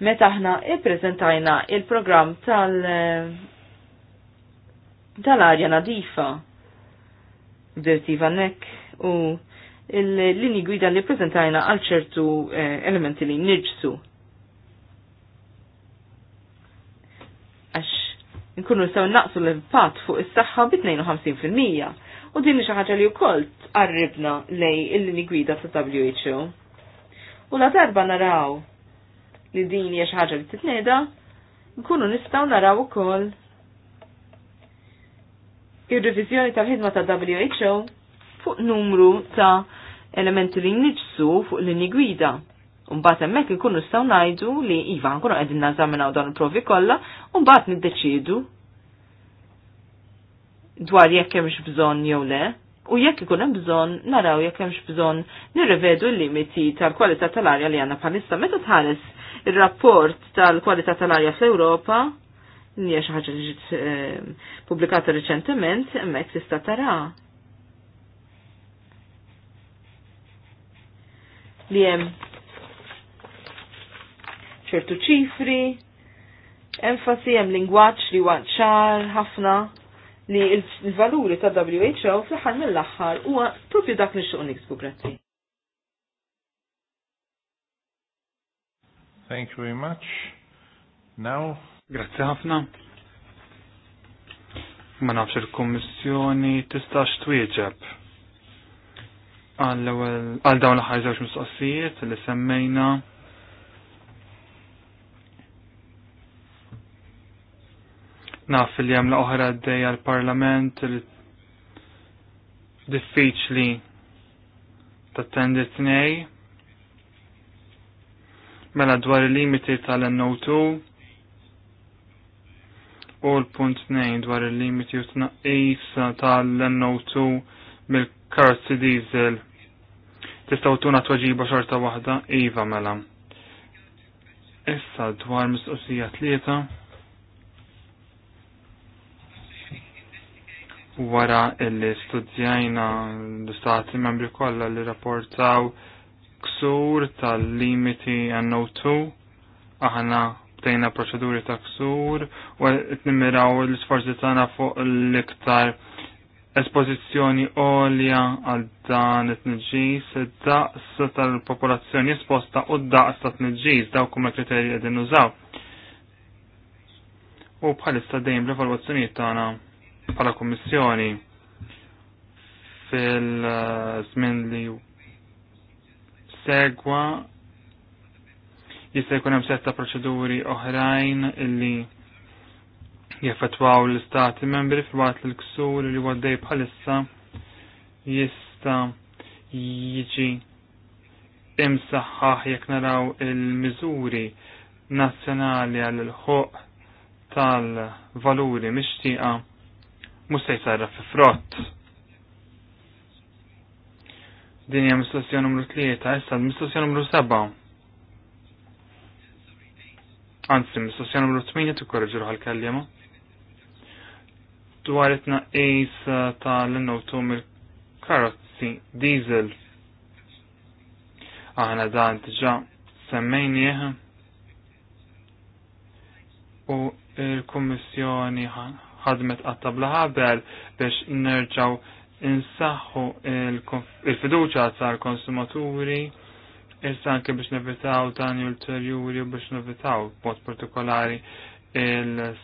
meta aħna ippreżentajna il-programm tal- eh, tal-arja nadifa direttiva nek u l-lini gwida li prezentajna għal ċertu eh, elementi li nirġsu. Għax nkunu nistaw naqsu l-impat fuq is-saħħa bi 52% u din xi ħaġa li wkoll għarribna lej il-lini gwida ta' WHO. U la darba naraw li din hija xi ħaġa li titneda, nkunu nistgħu naraw ukoll ir revizjoni tal-ħidma ta' WHO fuq numru ta' elementi li nġsu fuq l-inni gwida. Umbat emmek nkunu staw najdu li Iva nkunu għedin nazaminaw dan il-provi kolla, umbat niddeċidu dwar jekk hemmx bżonn jew le, u jekk ikun hemm bżonn naraw jekk hemmx bżonn nirrevedu l-limiti tal-kwalità tal-arja li għandna bħalissa meta tħares ir-rapport tal-kwalità tal-arja fl-Ewropa nija xaħġa ħaġa li ġit eh, pubblikata riċentement, imma tista' tara li hemm ċertu ċifri, enfasi hemm lingwaġġ li huwa ċar ħafna li l-valuri ta' WHO fl-aħħar mill-aħħar huwa propju dak li niksbu grazzi. Thank you very much. Now Grazzi ħafna. Ma nafx il-Kummissjoni tistax twieġeb għal dawn l-ħar żewġ mistoqsijiet li semmejna. Naf li hemm l oħra għaddej għall parlament li diffiċli tattendi tnej. Mela dwar il-limiti tal-NO2 u l-punt 2 dwar il-limiti u tnaqqis tal-NO2 mill-karzi diesel. Tistaw tuna tweġiba xorta waħda, Iva mela. Issa dwar mistoqsija tlieta. Wara illi studjajna l-istati membri kollha li rapportaw ksur tal-limiti NO2 aħna bdejna proċeduri ta' ksur u qed nimmiraw l-isforzi tagħna fuq l-iktar espożizzjoni għolja għal dan it nġis daqs tal-popolazzjoni esposta u daqs ta' t-nġis, daw kumma kriterji għedin nużaw. U bħalissa dejjem l-evalwazzjonijiet tagħna bħala kummissjoni fil-żmien li segwa jista' jkun hemm setta proċeduri oħrajn illi jeffettwaw l-istati membri fil l-ksur li għaddej bħalissa jista jiġi imsaħħaħ jekk naraw il-miżuri nazzjonali għall ħuq tal-valuri mixtieqa mhux se jsarra fi frott. Din hija mistoqsija numru tlieta, issa l-mistoqsija numru seba' Anzi, mistoqsija numru 8 tikkorreġu l-ħal-kellima. Dwar it-naqis uh, ta' l-notu mill-karozzi diesel. Aħna dan diġa semmejnieh u il-Kummissjoni ħadmet għattabla ħabel biex nerġaw insaħħu il-fiduċa tal-konsumaturi il Issa anke biex nevitaw dan ulterjuri biex nevitaw b'mod partikolari il-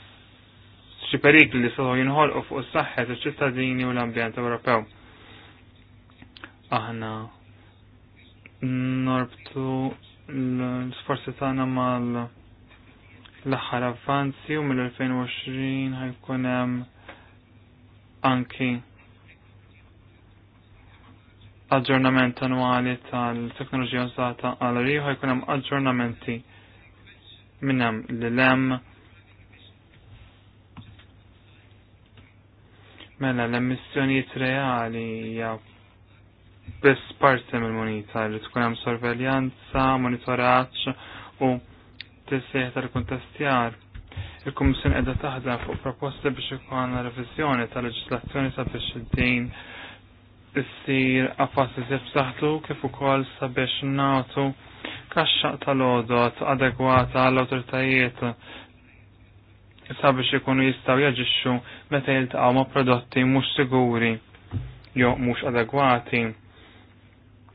xi perikli li saw jinħolqu fuq is-saħħa taċ-ċittadini u l-ambjent Ewropew. Aħna norbtu l-sforzi tagħna mal l-aħħar avvanzi u mill-2020 ħajkun hemm anki aġġornament annwali tal-teknoloġija użata għal riħu jkun hemm aġġornamenti minn hemm l-lem mela l-emissjonijiet reali hija biss parti mill-munita li tkun hemm sorveljanza, monitoraġġ u tisseħ tal-kuntestjar. Il-Kummissjoni qiegħda taħdem fuq proposti biex ikun revizjoni tal-leġislazzjoni sabiex id-din issir għafas iżjed kif ukoll sabiex nagħtu kaxxa tal-għodot adegwata għall awtoritajiet sabiex ikunu jistgħu jaġixxu meta jiltaqgħu ma' prodotti mhux siguri jew mhux adegwati.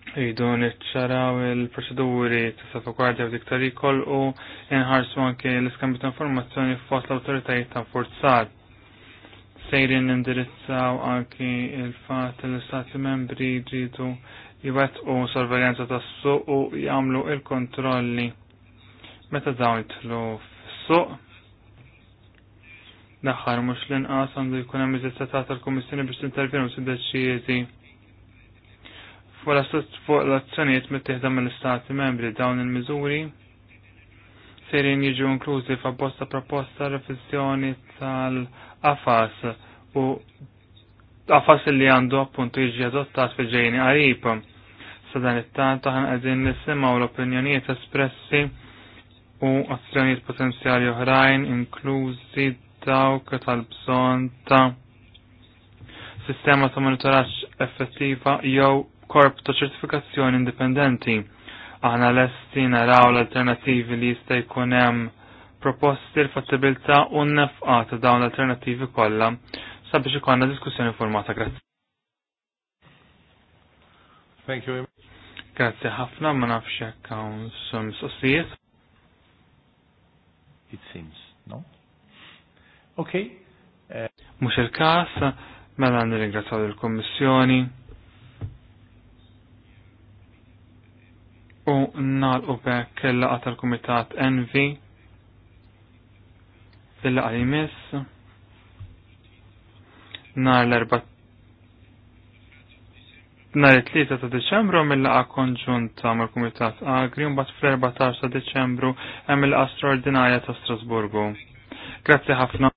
Rridu niċċaraw il-proċeduri ta' salvaguardja u diktar u inħarsu anke l-iskambju ta' informazzjoni fost l-awtoritajiet ta' forzat sejrin indirizzaw anki il-fat l istati membri ġidu jwettqu sorveljanza tas-suq u jagħmlu il-kontrolli meta dawn jitlu f'suq. Daħħar mhux l-inqas għandu jkun hemm iżittata tal komissjoni biex tintervjenu tiddeċiedi fuq l-azzjonijiet mittieħda mill-Istati membri dawn il-miżuri serin jiġu inklużi f'apposta proposta revizjoni tal- għafas u għafas li għandu appuntu iġi adottat fil-ġejni għarib. Sadan it tant ħan għedin nisimaw l-opinjonijiet espressi u azzjonijiet potenzjali oħrajn, inklużi dawk tal-bżon ta' sistema ta' monitoraġġ effettiva jew korp ta' ċertifikazzjoni indipendenti. Aħna lesti naraw l-alternativi li jista' jkun hemm proposti l-fattibilità u n ta' dawn l-alternativi kollha sabiex ikollna diskussjoni informata. Grazzi. Thank you. Grazzi ħafna ma nafx jekk hawn some sostijiet. It seems, no? Ok. Eh, Mhux il-każ, mela nirringrazzjaw il-Kommissjoni. U nagħlqu bekk il-laqgħa tal-Kumitat Envi il-laqa jmiss nar l nar it-3 ta' Deċembru mill-laqa konġunta mal-Kumitat Agri u mbagħad fl-14 ta' Deċembru hemm il-laqa straordinarja ta' Strasburgu. Grazzi ħafna.